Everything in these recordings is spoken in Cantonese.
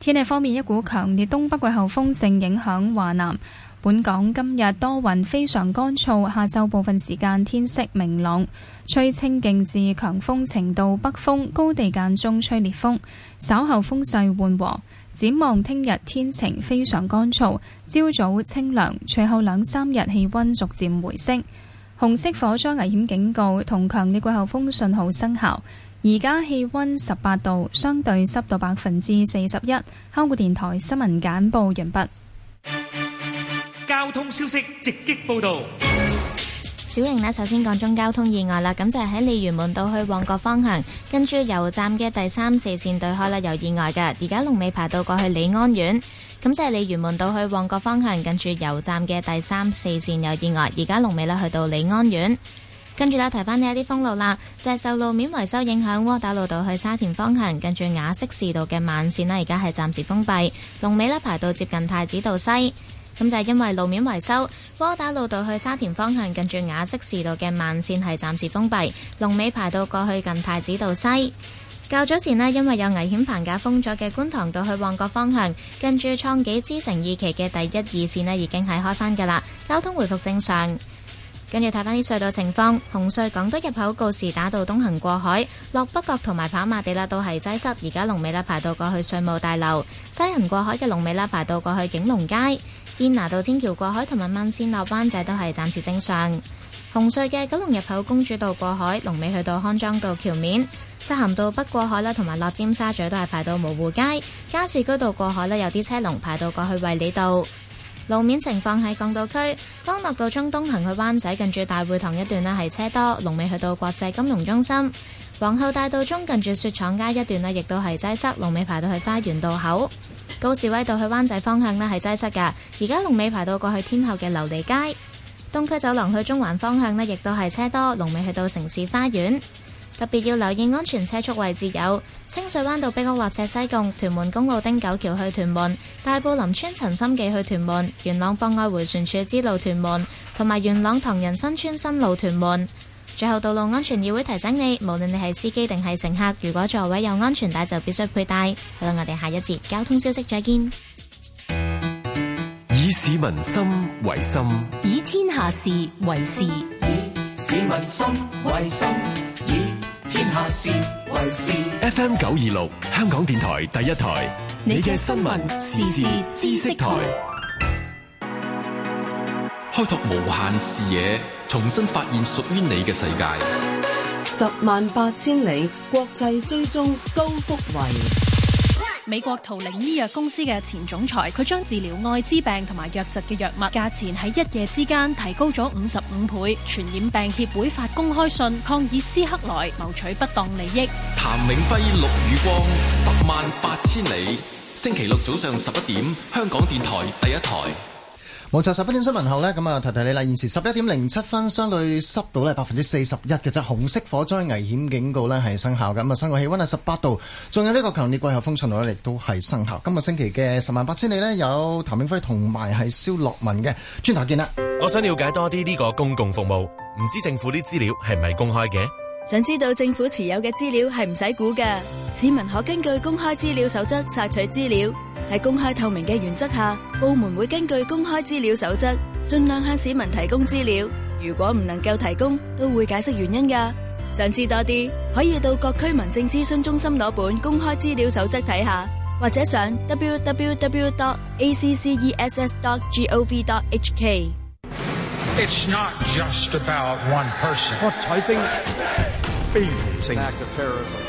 天氣方面，一股強烈東北季候風正影響華南。本港今日多雲，非常乾燥。下晝部分時間天色明朗，吹清勁至強風程度北風，高地間中吹烈風。稍後風勢緩和。展望聽日天晴，非常乾燥。朝早清涼，隨後兩三日氣溫逐漸回升。紅色火災危險警告同強烈季候風信號生效。而家氣溫十八度，相對濕度百分之四十一。香港電台新聞簡報完畢。交通消息直擊報道。小瑩呢，首先講中交通意外啦，咁就係喺鯉魚門道去旺角方向，跟住油站嘅第三、四線對開啦，有意外嘅。而家龍尾排到過去李安苑，咁就係鯉魚門道去旺角方向，跟住油站嘅第三、四線有意外，而家龍尾呢，去到李安苑。跟住咧，提翻呢一啲封路啦。就係受路面維修影響，窩打路道去沙田方向，近住雅息士道嘅慢綫咧，而家係暫時封閉。龍尾呢排到接近太子道西。咁就係因為路面維修，窩打路道去沙田方向，近住雅息士道嘅慢綫係暫時封閉，龍尾排到過去近太子道西。較早前呢，因為有危險棚架封咗嘅觀塘道去旺角方向，近住創紀之城二期嘅第一二綫呢已經係開返噶啦，交通回復正常。跟住睇翻啲隧道情況，紅隧港島入口告士打道東行過海，落北角同埋跑馬地啦都係擠塞，而家龍尾呢排到過去稅務大樓；西行過海嘅龍尾呢排到過去景隆街，堅拿道天橋過海同埋慢線落灣仔都係暫時正常。紅隧嘅九龍入口公主道過海，龍尾去到康莊道橋面，漆咸道北過海啦，同埋落尖沙咀都係排到蕪湖街。加士居道過海呢有啲車龍排到過去衛理道。路面情況喺港島區，方立道中東行去灣仔，近住大會堂一段咧係車多，龍尾去到國際金融中心；皇后大道中近住雪廠街一段亦都係擠塞，龍尾排到去花園道口；高士威道去灣仔方向咧係擠塞㗎，而家龍尾排到過去天后嘅琉璃街；東區走廊去中環方向亦都係車多，龍尾去到城市花園。特別要留意安全車速位置有清水灣道碧屋或者西貢、屯門公路汀九橋去屯門、大埔林村陳心記去屯門、元朗博愛回旋處之路屯門同埋元朗唐人新村新路屯門。最後道路安全議會提醒你，無論你係司機定係乘客，如果座位有安全帶就必須佩戴。好啦，我哋下一節交通消息再見。以市民心為心，以天下事為事，以市民心為心。是是 F M 九二六香港電台第一台，你嘅新聞時事知識台，開拓無限視野，重新發現屬於你嘅世界。十萬八千里國際追蹤高福慧。美國圖靈醫藥公司嘅前總裁，佢將治療艾滋病同埋瘧疾嘅藥物價錢喺一夜之間提高咗五十五倍。傳染病協會發公開信抗議斯克萊謀取不當利益。譚永輝，陸宇光，十萬八千里。星期六早上十一點，香港電台第一台。冇錯，十一點新聞後咧，咁啊提提你啦。現時十一點零七分，相對濕度咧百分之四十一嘅啫。紅色火災危險警告咧係生效嘅。咁啊，今日氣溫係十八度，仲有呢個強烈季候風信號咧亦都係生效。今個星期嘅十萬八千里咧有譚永輝同埋係蕭樂文嘅，轉頭見啦。我想了解多啲呢個公共服務，唔知政府啲資料係唔係公開嘅？想知道政府持有嘅資料係唔使估嘅，市民可根據公開資料守則索取資料。喺公開透明嘅原則下，部門會根據公開資料守則，盡量向市民提供資料。如果唔能夠提供，都會解釋原因㗎。想知多啲，可以到各區民政諮詢中心攞本《公開資料守則》睇下，或者上 www.access.gov.hk。It's not just about one person. What type of? 非同性。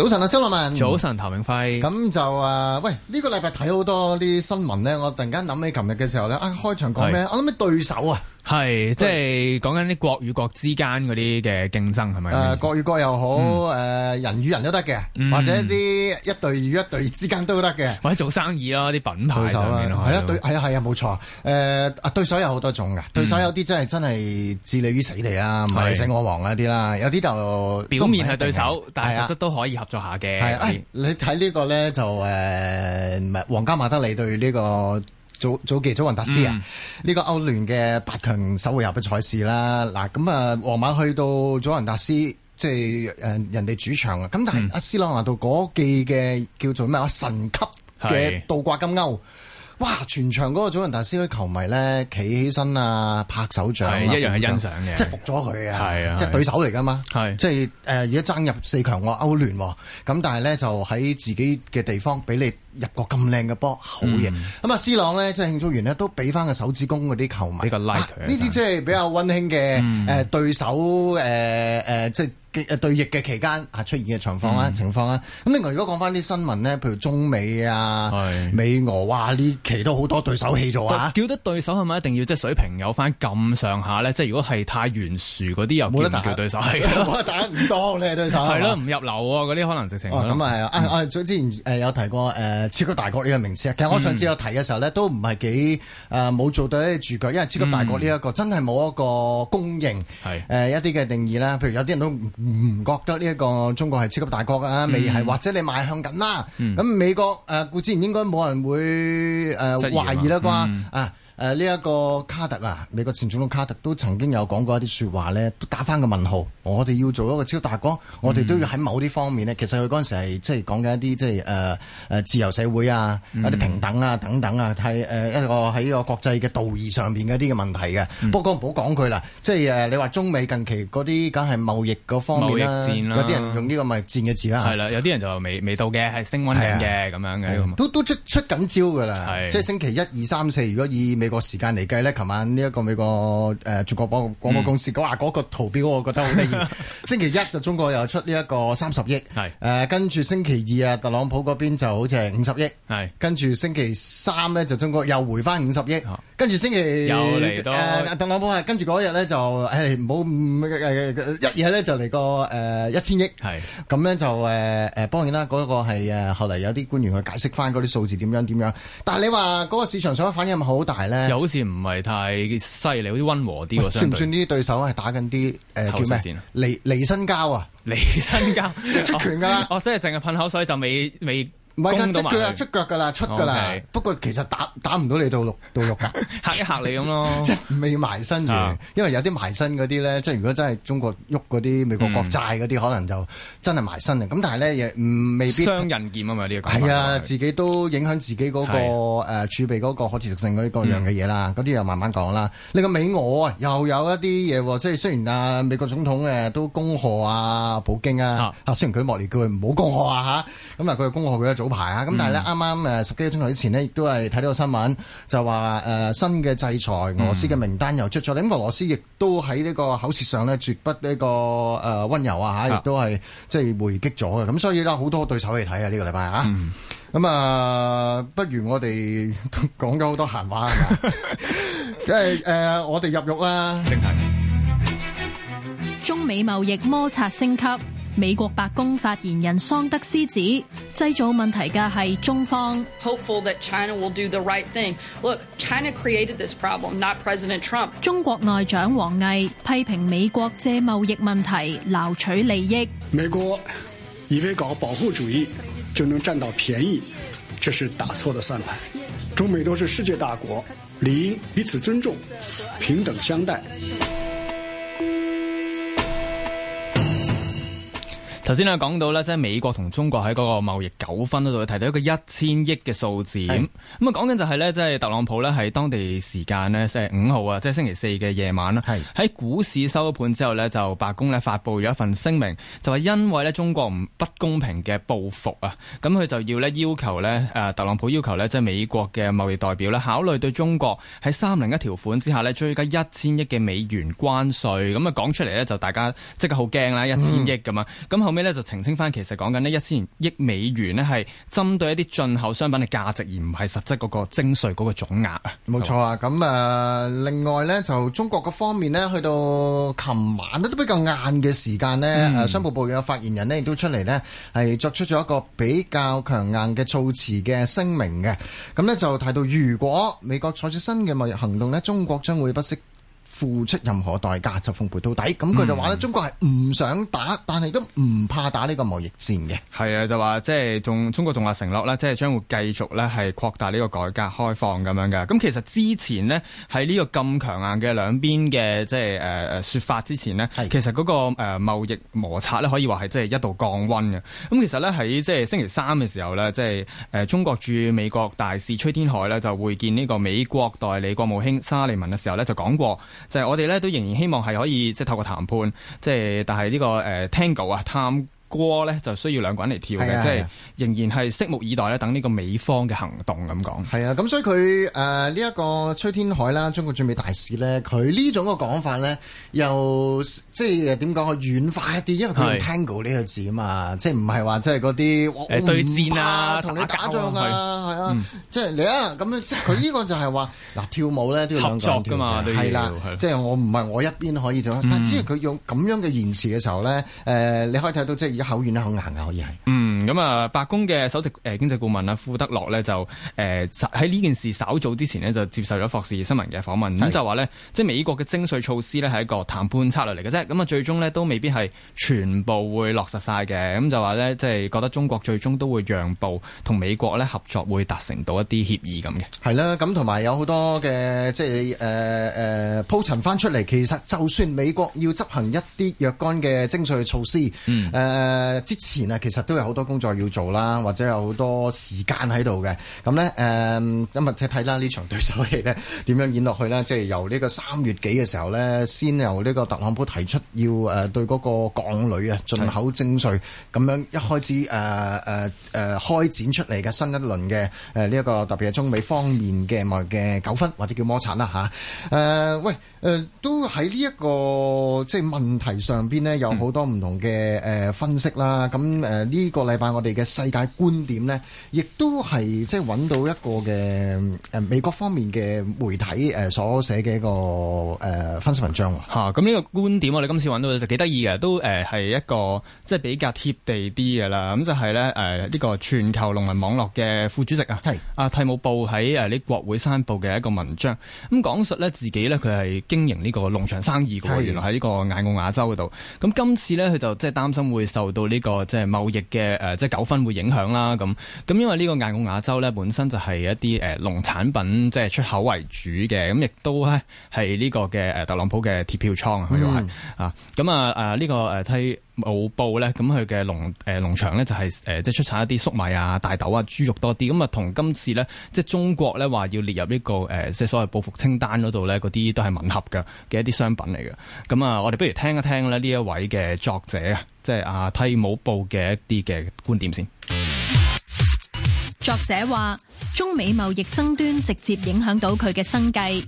早晨啊，肖立文。早晨，譚永輝。咁就啊，喂，呢個禮拜睇好多啲新聞咧，我突然間諗起琴日嘅時候咧，啊，開場講咩？是我諗起對手啊。係，即係講緊啲國與國之間嗰啲嘅競爭，係咪？誒、呃，國與國又好，誒、嗯呃，人與人都得嘅，或者啲一隊與一隊之間都得嘅，嗯、或者做生意咯，啲品牌上面咯，係啦、啊以，對，係啊，係啊，冇錯，誒、呃，對手有好多種嘅，嗯、對手有啲真係真係置你於死地啊，你死我亡一啲啦，有啲就是表面係對手，但係實質都可以合作下嘅。係、啊啊哎，你睇呢、這個咧就誒、係、呃、皇家馬德里對呢、這個。早早季祖雲達斯啊，呢、嗯、個歐聯嘅八強首回合嘅賽事啦，嗱咁啊，皇馬去到祖雲達斯，即、就、係、是呃、人哋主場啊，咁但係阿、嗯、斯朗拿度嗰記嘅叫做咩啊，神級嘅倒掛金鈎。哇！全場嗰個祖雲達斯啲球迷咧，企起身啊，拍手掌是，一樣係欣賞嘅，即係服咗佢啊，是的即係對手嚟噶嘛，是的即係誒而家爭入四強，歐歐聯咁、啊，但係咧就喺自己嘅地方俾你入個咁靚嘅波，好嘢、嗯！咁啊，C 朗咧，即係慶祝完呢，都俾翻個手指公嗰啲球迷個、like 啊、比較 like，呢啲即係比較温馨嘅誒、嗯呃、對手誒、呃呃、即係。對對弈嘅期間啊，出現嘅情況啊情況啊。咁另外如果講翻啲新聞咧，譬如中美啊、美俄啊呢期都好多對手戲咗啊，叫得對手係咪一定要即水平有翻咁上下咧？即如果係太懸殊嗰啲又冇得叫對手係咯，打唔多呢對手係啦，唔入流喎。嗰啲可能直情哦咁啊，係啊，我之前有提過誒超級大國呢個名詞啊，其實我上次有提嘅時候咧都唔係幾誒冇做到啲注腳，因為超級大國呢一個真係冇一個公認係一啲嘅定義啦，譬如有啲人都。唔覺得呢一個中國係超級大國啊，未係、嗯、或者你邁向緊啦，咁、嗯、美國誒固之然應該冇人會誒懷疑啦啩啊！誒呢一個卡特啊，美國前總統卡特都曾經有講過一啲説話咧，都打翻個問號。我哋要做一個超大國，嗯、我哋都要喺某啲方面呢。其實佢嗰陣時係即係講緊一啲即係誒誒自由社會啊、一啲、嗯、平等啊等等啊，係誒、呃、一個喺個國際嘅道義上邊嘅一啲嘅問題嘅。嗯、不過唔好講佢啦，即係誒你話中美近期嗰啲梗係貿易嗰方面、啊、貿易戰啦，有啲人用呢個貿易戰嘅字啦、啊，係啦，有啲人就未未到嘅，係升温緊嘅咁樣嘅、嗯，都都出出緊招㗎啦，的即係星期一、二、三、四，如果以美個時間嚟計咧，琴晚呢一個美國誒、呃、全國廣播公司講話嗰個圖表，我覺得好得意。嗯、 星期一就中國又出呢一個三十億，係誒跟住星期二啊，特朗普嗰邊就好似係五十億，係是跟住星期三咧，就中國又回翻五十億，啊、跟住星期又嚟、呃、特朗普啊，跟住嗰日咧，就誒唔好一嘢咧就嚟、呃是呃個誒一千億，係咁就誒誒當然啦。嗰個係誒後嚟有啲官員去解釋翻嗰啲數字點樣點樣，但係你話嗰個市場上嘅反應好大咧。又好似唔係太犀利，好似溫和啲喎。喂我相對算唔算呢啲對手係打緊啲誒叫咩？離離身交啊，離身交，即係 出拳㗎、啊。哦， 即係淨係噴口水就未未。唔係啊，出腳啊，出腳㗎啦，出㗎啦。不過其實打打唔到你到肉到肉啊，嚇一嚇你咁咯。即係未埋身完，因為有啲埋身嗰啲咧，即係如果真係中國喐嗰啲美國國債嗰啲，可能就真係埋身。咁但係咧，亦唔未必雙刃劍啊嘛，呢個係啊，自己都影響自己嗰個誒儲備嗰個可持續性嗰啲各樣嘅嘢啦。嗰啲又慢慢講啦。你個美俄啊，又有一啲嘢喎。即係雖然啊，美國總統誒都恭賀啊，普京啊，嚇雖然佢幕僚叫佢唔好恭賀啊嚇，咁啊佢又恭賀佢一早。排啊！咁但係咧，啱啱十幾個鐘頭之前呢，亦都係睇到個新聞，就話、呃、新嘅制裁俄羅斯嘅名單又出咗咁、嗯、俄羅斯亦都喺呢個口舌上咧，絕不呢、呢個誒溫、呃、柔啊亦、啊、都係即係回擊咗嘅。咁所以呢，好多對手嚟睇啊！呢、呢個禮拜啊，咁、嗯、啊，不如我哋講咗好多閒話、 就是，即係誒我哋入獄啦題。正題，中美貿易摩擦升級。美國白宮發言人桑德斯指，製造問題嘅係中方。hopeful that China will do the right thing. Look, China created this problem, not President Trump. 中國外長王毅批評美國借貿易問題撈取利益。美國以為搞保護主義就能佔到便宜，這是打錯的算盤。中美都是世界大國，理應彼此尊重、平等相待。頭先咧講到咧，即係美國同中國喺嗰個貿易糾紛嗰度，提到一個一千億嘅數字。咁啊是，講緊就係咧，即係特朗普咧，喺當地時間咧，即係五號啊，即係星期四嘅夜晚啦。喺是股市收咗盤之後咧，就白宮咧發布咗一份聲明，就係、是、因為咧中國唔不公平嘅報復啊，咁佢就要咧要求咧誒，特朗普要求咧即係美國嘅貿易代表咧，考慮對中國喺三零一條款之下咧追加一千億嘅美元關稅。咁啊講出嚟咧，就大家即刻好驚啦，一千億咁啊，咁、嗯、後尾。咧就澄清翻，其實講緊呢一千億美元呢係針對一啲進口商品嘅價值，而唔係實質嗰個徵稅嗰個總額啊。冇錯啊。咁誒、呃，另外呢，就中國嗰方面呢，去到琴晚呢都比較晏嘅時間呢，誒商務部嘅發言人呢亦都出嚟呢，係作出咗一個比較強硬嘅措辭嘅聲明嘅。咁呢就提到，如果美國採取新嘅貿易行動呢，中國將會不惜。付出任何代價就奉陪到底，咁佢就話咧，中國係唔想打，但係都唔怕打呢個貿易戰嘅。係啊，就話即係仲中國仲話承諾啦，即係將會繼續咧係擴大呢個改革開放咁樣嘅。咁其實之前呢，喺呢個咁強硬嘅兩邊嘅即係誒誒説法之前呢的，其實嗰個誒貿易摩擦咧可以話係即係一度降溫嘅。咁其實咧喺即係星期三嘅時候呢，即係誒中國駐美國大使崔天凱呢，就會見呢個美國代理國務卿沙利文嘅時候咧就講過。就係我哋咧都仍然希望係可以即係透過談判，即係但係呢、這個誒 Tango 啊探。呃歌咧就需要兩個人嚟跳嘅，即係仍然係拭目以待咧，等呢個美方嘅行動咁講。係啊，咁所以佢誒呢一個崔天凱啦，中國駐美大使咧，佢呢種嘅講法咧，又即係點講？軟化一啲，因為佢用 tango 呢個字啊嘛，即係唔係話即係嗰啲誒對戰啊，同你打仗啊，係啊，即係你啊咁樣。佢呢個就係話嗱跳舞咧都要兩個人跳㗎嘛，係啦。即係我唔係我一邊可以跳，但係因為佢用咁樣嘅言辭嘅時候咧，誒你可以睇到即係。口軟得好硬啊，可以係嗯咁啊，白宮嘅首席誒、呃、經濟顧問啊，富德洛咧就誒喺呢件事稍早之前呢，就接受咗《霍士新聞》嘅訪問，咁的就話咧，即係美國嘅徵稅措施咧係一個談判策略嚟嘅啫，咁啊最終咧都未必係全部會落實晒嘅，咁就話咧即係覺得中國最終都會讓步，同美國咧合作會達成到一啲協議咁嘅。係啦，咁同埋有好多嘅即係誒誒鋪陳翻出嚟，其實就算美國要執行一啲若干嘅徵稅措施，嗯誒。呃誒、呃，之前啊，其實都有好多工作要做啦，或者有好多時間喺度嘅。咁呢，誒、呃，今日睇睇啦，呢場對手戲呢，點樣演落去呢？即係由呢個三月幾嘅時候呢，先由呢個特朗普提出要誒、呃、對嗰個港女啊進口徵稅，咁對樣一開始誒誒誒開展出嚟嘅新一輪嘅誒呢一個特別係中美方面嘅呃嘅糾紛或者叫摩擦啦吓。誒、啊，喂、呃，誒、呃，都喺呢一個即係問題上邊呢，有好多唔同嘅誒分。呃嗯識啦，咁誒呢個禮拜我哋嘅世界觀點咧，亦都係即係揾到一個嘅誒美國方面嘅媒體誒所寫嘅一個誒分析文章喎。啊，咁呢個觀點我哋今次揾到就幾得意嘅，都誒係一個即係比較貼地啲嘅啦。咁就係咧誒呢個全球農民網絡嘅副主席是啊，係阿替姆布喺誒呢國會山報嘅一個文章，咁講述咧自己咧佢係經營呢個農場生意嘅。是原來喺呢個亞澳亞洲嗰度。咁今次咧佢就即係擔心會受到呢個即係貿易嘅誒，即係糾紛會影響啦。咁咁，因為呢個亞共亞洲咧本身就係一啲誒農產品即係出口為主嘅，咁亦都咧係呢個嘅誒特朗普嘅鐵票倉、嗯、啊，又係啊。咁啊誒呢個誒替姆布咧，咁佢嘅農誒農場咧就係誒即係出產一啲粟米啊、大豆啊、豬肉多啲。咁啊同今次咧即係中國咧話要列入呢個誒即係所謂報復清單嗰度咧，嗰啲都係吻合嘅嘅一啲商品嚟嘅。咁啊，我哋不如聽一聽咧呢一位嘅作者啊。即係阿替姆布嘅一啲嘅觀點先。作者話：中美貿易爭端直接影響到佢嘅生計。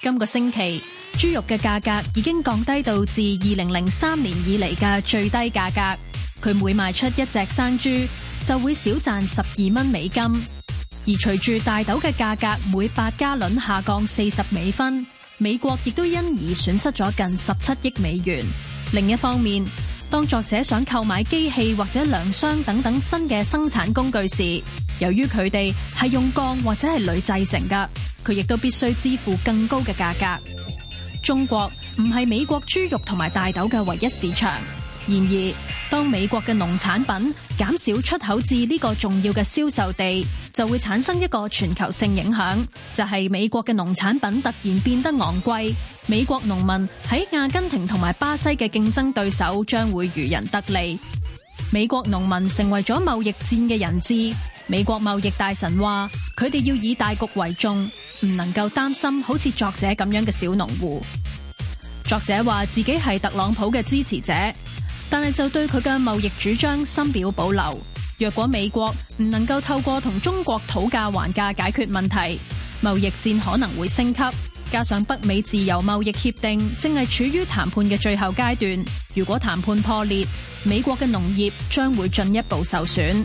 今個星期豬肉嘅價格已經降低到自二零零三年以嚟嘅最低價格。佢每賣出一隻生豬就會少賺十二蚊美金。而隨住大豆嘅價格每百加侖下降四十美分，美國亦都因而損失咗近十七億美元。另一方面，當作者想購買機器或者糧箱等等新嘅生產工具時，由於佢哋係用鋼或者係鋁製成嘅，佢亦都必須支付更高嘅價格。中國唔係美國豬肉同埋大豆嘅唯一市場。然而，當美國嘅農產品減少出口至呢個重要嘅銷售地，就會產生一個全球性影響，就係美國嘅農產品突然變得昂貴。美國農民喺阿根廷同埋巴西嘅競爭對手將會漁人得利。美國農民成為咗貿易戰嘅人質。美國貿易大臣話佢哋要以大局為重，唔能夠擔心好似作者咁樣嘅小農戶。作者話自己係特朗普嘅支持者，但係就對佢嘅貿易主張深表保留。若果美國唔能夠透過同中國討價還價解決問題，貿易戰可能會升級。加上北美自由貿易協定正係處於談判嘅最後階段，如果談判破裂，美國嘅農業將會進一步受損。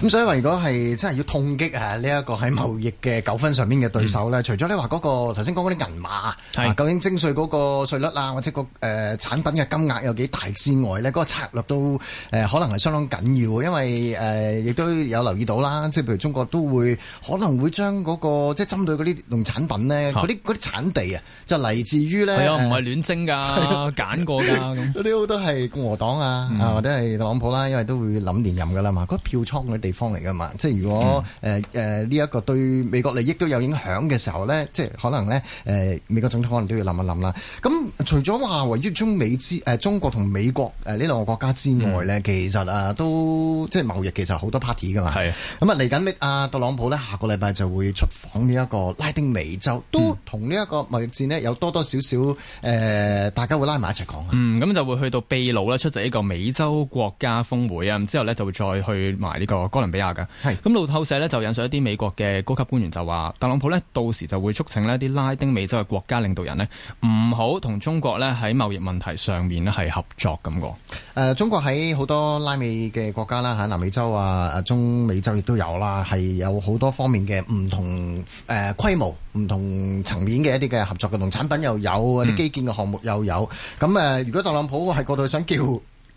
咁所以話如果係真係要痛擊啊呢一個喺貿易嘅糾紛上面嘅對手咧，嗯、除咗你話嗰個頭先講嗰啲銀碼，是啊、究竟徵稅嗰個稅率啊，或者、那個誒、呃、產品嘅金額有幾大之外咧，嗰、那個策略都誒、呃、可能係相當緊要，因為誒、呃、亦都有留意到啦，即係譬如中國都會可能會將嗰、那個即係針對嗰啲農產品咧，嗰啲嗰啲產地來、哎、啊，就嚟自於咧係啊，唔係亂徵㗎，揀過㗎咁，呢個都係共和黨啊，、嗯、啊，或者係特朗普啦、啊，因為都會諗連任㗎啦嘛，個票倉嘅。地方嚟噶嘛，即係如果誒誒呢一個對美國利益都有影響嘅時候咧，即係可能咧誒美國總統可能都要諗一諗啦。咁除咗話圍繞中美之誒中國同美國誒呢兩個國家之外咧，是的 其實啊都即係貿易其實好多 party 噶嘛。係咁啊，嚟緊阿特朗普咧下個禮拜就會出訪呢一個拉丁美洲，都同呢一個貿易戰呢有多多少少誒，大家會拉埋一齊講啊。嗯，咁就會去到秘魯啦，出席呢個美洲國家峰會啊，之後咧就會再去埋、這、呢個。哥倫比亞㗎，咁是路透社咧就引述一啲美國嘅高級官員就，就話特朗普咧到時就會促請呢一啲拉丁美洲嘅國家領導人呢，唔好同中國咧喺貿易問題上面咧係合作咁個。誒、呃。中國喺好多拉美嘅國家啦嚇，喺南美洲啊、中美洲亦都有啦，係有好多方面嘅唔同誒規、呃、模、唔同層面嘅一啲嘅合作嘅農產品又有，啲、嗯、基建嘅項目又有。咁誒、呃。如果特朗普係過度想叫，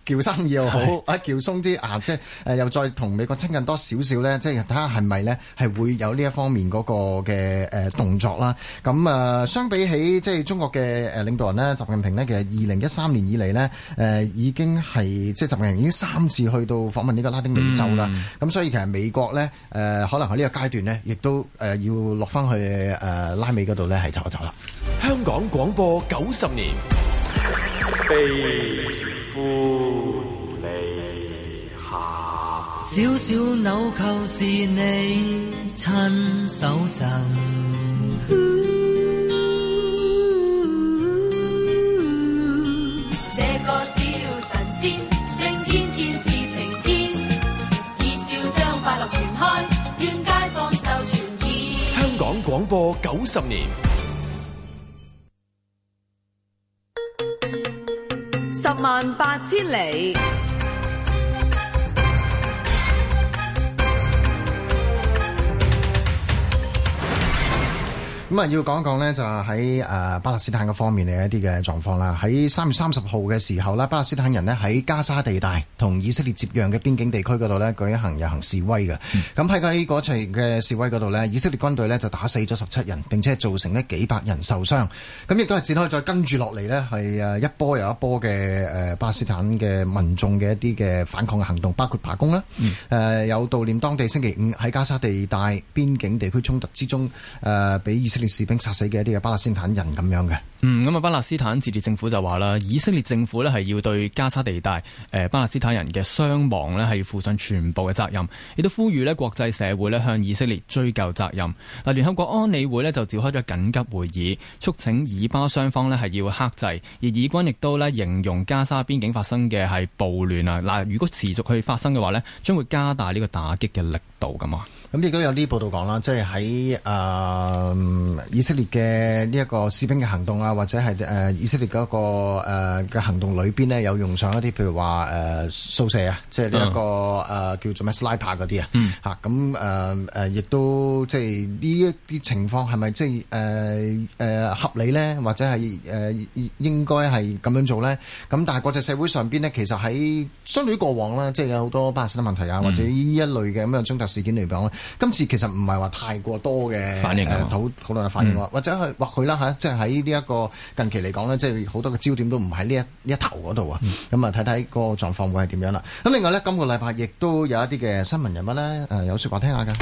叫生意又好，叫鬆啲啊，即係誒又再同美國親近多少少咧，即係睇下係咪咧，係會有呢一方面嗰個嘅誒動作啦。咁啊，相比起即係中國嘅誒領導人咧，習近平咧，其實二零一三年以嚟咧，誒已經係即係習近平已經三次去到訪問呢個拉丁美洲啦。咁所以其實美國咧，誒可能喺呢個階段咧，亦都誒要落翻去誒拉美嗰度咧，係走一走啦。香港廣播九十年，悲乎！小小紐扣是你親手贈、嗯。嗯嗯、這個小神仙，今天天是晴天，以笑將快樂傳開，願街坊受傳染。香港廣播九十年，十萬八千里。咁啊，要講講咧，就喺誒巴勒斯坦嘅方面嘅一啲嘅狀況啦。喺三月三十號嘅時候咧，巴勒斯坦人咧喺加沙地帶同以色列接壤嘅邊境地區嗰度咧舉行遊行示威嘅。咁喺佢嗰場嘅示威嗰度咧，以色列軍隊咧就打死咗十七人，並且造成咧幾百人受傷。咁亦都係展開再跟住落嚟咧，係誒一波又一波嘅誒巴勒斯坦嘅民眾嘅一啲嘅反抗嘅行動，包括罷工啦。誒、嗯，有悼念當地星期五喺加沙地帶邊境地區衝突之中誒俾、呃以色列士兵殺死嘅一啲嘅巴勒斯坦人咁樣嘅，嗯，咁啊，巴勒斯坦自治政府就話啦，以色列政府呢係要對加沙地帶誒、呃、巴勒斯坦人嘅傷亡咧係要負上全部嘅責任，亦都呼籲呢國際社會呢向以色列追究責任。嗱，聯合國安理會呢就召開咗緊急會議，促請以巴雙方呢係要克制，而以軍亦都呢形容加沙邊境發生嘅係暴亂啊，嗱，如果持續去發生嘅話呢，將會加大呢個打擊嘅力度咁啊。咁亦都有啲報道講啦，即係喺啊以色列嘅呢一個士兵嘅行動啊，或者係誒、呃、以色列嗰個誒嘅、呃、行動裏邊咧，有用上一啲譬如話誒掃射啊，即係呢一個誒叫做咩 slipper 嗰啲啊吓咁誒誒亦都即係呢一啲情況係咪即係誒誒合理咧，或者係誒、呃、應該係咁樣做咧？咁但係國際社會上邊咧，其實喺相對於過往啦，即係有好多巴以問題啊，或者呢一類嘅咁樣衝突事件嚟講咧。嗯今次其實唔係話太過多嘅反應，好好、啊、多人反應啦，嗯、或者係或許啦嚇，即係喺呢一個近期嚟講咧，即係好多嘅焦點都唔喺呢一呢一頭嗰度啊，咁啊睇睇個狀況會係點樣啦。咁另外咧，今個禮拜亦都有一啲嘅新聞人物咧，誒有説話聽下噶。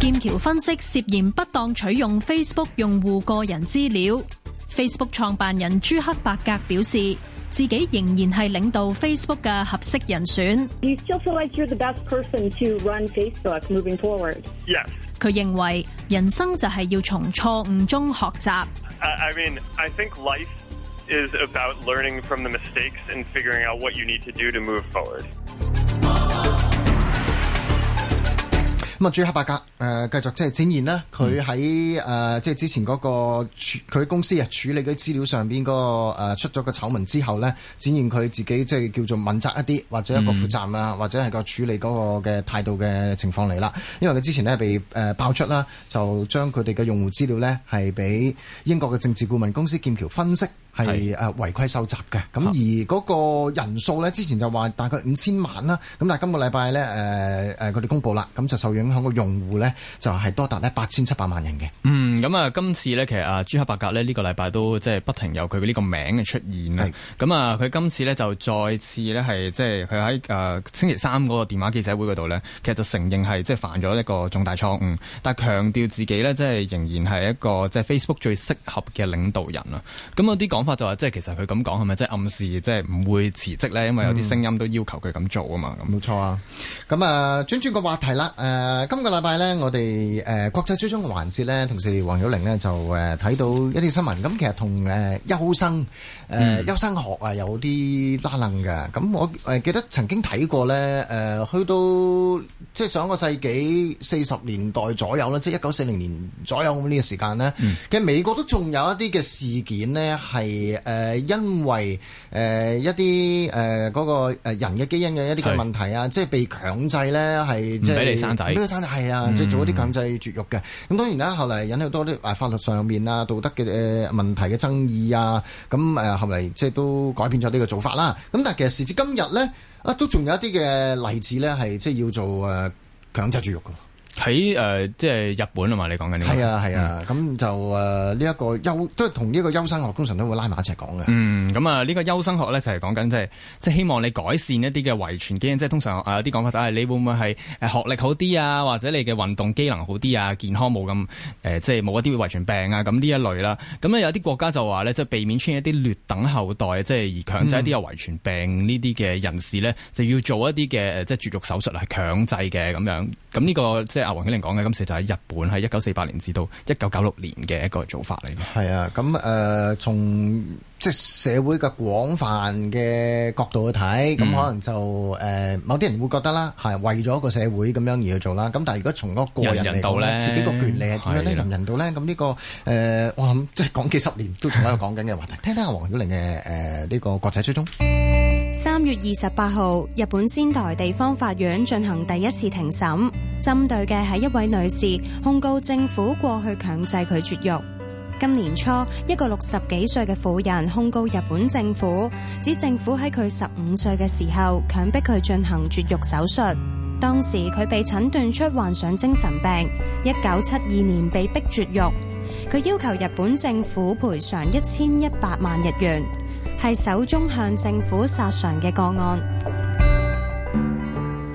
劍橋分析涉嫌不當取用 Facebook 用戶個人資料。Facebook 創辦人朱克伯格表示，自己仍然係領導 Facebook 嘅合適人選。You still feel like you're the best person to run Facebook moving forward? Yes. 佢認為人生就係要從錯誤中學習。I mean, I think life is about learning from the mistakes and figuring out what you need to do to move forward. 咁啊，最黑白格，誒、呃、繼續即係展現啦。佢喺誒即係之前嗰、那個佢公司啊，處理啲資料上邊嗰、那個、呃、出咗個醜聞之後呢，展現佢自己即係叫做問責一啲，或者一個負責啊，嗯、或者係個處理嗰個嘅態度嘅情況嚟啦。因為佢之前呢，被誒爆出啦，就將佢哋嘅用戶資料呢，係俾英國嘅政治顧問公司劍橋分析。係誒違規收集嘅，咁而嗰個人數咧，之前就話大概五千萬啦，咁但係今個禮拜咧誒誒佢哋公布啦，咁就受影響嘅用戶咧就係、是、多達八千七百萬人嘅。嗯，咁啊，今次咧其實啊朱克伯格咧呢、這個禮拜都即係不停有佢嘅呢個名嘅出現啦。咁是啊，佢今次咧就再次咧係即係佢喺誒星期三嗰個電話記者會嗰度咧，其實就承認係即係犯咗一個重大錯誤，但係強調自己咧即係仍然係一個即係 Facebook 最適合嘅領導人啦。咁啲講。講法就話，即係其實佢咁講係咪，即係暗示，即係唔會辭職咧？因為有啲聲音都要求佢咁做啊嘛。咁、嗯，冇錯啊。咁啊，轉轉個話題啦。誒、呃，今個禮拜咧，我哋誒、呃、國際追蹤嘅環節咧，同事黃曉玲咧就誒睇、呃、到一啲新聞。咁其實同誒優生誒優、呃嗯、生學啊有啲拉楞嘅。咁我誒記得曾經睇過咧，誒、呃、去到即係上個世紀四十年代左右啦，即係一九四零年左右咁呢個時間咧，嗯、其實美國都仲有一啲嘅事件咧係。是而誒、呃，因為誒、呃、一啲誒嗰個誒人嘅基因嘅一啲嘅問題啊，即係被強制咧係，唔俾你生仔，唔俾佢生仔係啊，即係做一啲強制絕育嘅。咁、嗯、當然啦，後嚟引起多啲誒法律上面啊道德嘅誒問題嘅爭議啊。咁誒後嚟即係都改變咗呢個做法啦。咁但係其實時至今日呢，啊都仲有一啲嘅例子咧，係即係要做誒強制絕育噶。喺誒、呃、即係日本啊嘛，你講緊呢個係啊係啊，咁、啊嗯、就誒呢、呃這個、一個優都係同呢個優生學通常都會拉埋一齊講嘅。嗯，咁啊呢個優生學咧就係講緊即係即係希望你改善一啲嘅遺傳基因，即係通常有啲講法就係、是、你會唔會係誒學歷好啲啊，或者你嘅運動機能好啲啊，健康冇咁誒即係冇一啲嘅遺傳病啊，咁呢一類啦。咁、嗯、有啲國家就話咧，即、就、係、是、避免出現一啲劣等後代，即係而強制一啲有遺傳病呢啲嘅人士咧，嗯、就要做一啲嘅即係絕育手術係強制嘅咁樣。咁呢、這個即係。黃曉玲講嘅今次就喺日本，喺一九四八年至到一九九六年嘅一個做法嚟。係啊，咁、呃、誒，從即係社會嘅廣泛嘅角度去睇，咁、嗯、可能就誒、呃，某啲人會覺得啦，係為咗個社會咁樣而去做啦。咁但係如果從個個人嚟講咧，人人呢自己個權利係點樣咧，的人人到咧，咁呢、這個誒、呃，我諗即係講幾十年都仲喺度講緊嘅話題。 聽聽阿黃曉玲嘅誒呢個國際追蹤。三月二十八號，日本仙台地方法院進行第一次庭審，針對嘅係一位女士控告政府過去強制佢絕育。今年初，一個六十幾歲嘅婦人控告日本政府，指政府喺佢十五歲嘅時候強迫佢進行絕育手術。當時佢被診斷出患上精神病，一九七二年被逼絕育。佢要求日本政府賠償一千一百萬日元。係首宗向政府索償嘅個案。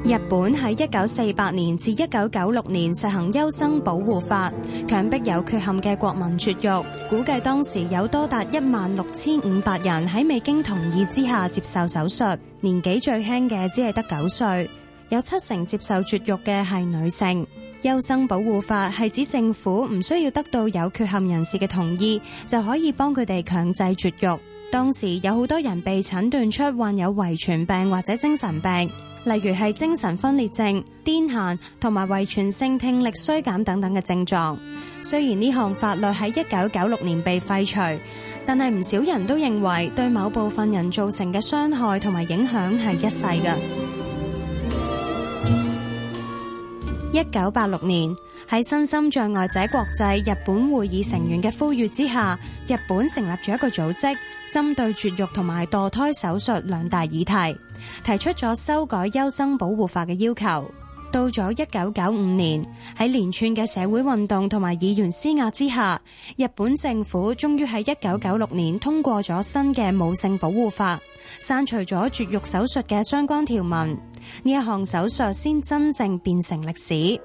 日本喺一九四八年至一九九六年實行優生保護法，強迫有缺陷嘅國民絕育。估計當時有多達一萬六千五百人喺未經同意之下接受手術，年紀最輕嘅只係得九歲。有七成接受絕育嘅係女性。優生保護法係指政府唔需要得到有缺陷人士嘅同意，就可以幫佢哋強制絕育。當時有好多人被診斷出患有遺傳病或者精神病，例如係精神分裂症、癲癇同埋遺傳性聽力衰減等等嘅症狀。雖然呢項法律喺一九九六年被廢除，但係唔少人都認為對某部分人造成嘅傷害同埋影響係一世嘅。一九八六年，喺身心障礙者國際日本會議成員嘅呼籲之下，日本成立咗一個組織，針對絕育同埋墮胎手術兩大議題，提出咗修改優生保護法嘅要求。到咗一九九五年，喺連串嘅社會運動同埋議員施壓之下，日本政府終於喺一九九六年通過咗新嘅母性保護法，刪除咗絕育手術嘅相關條文，呢一項手術先真正變成歷史。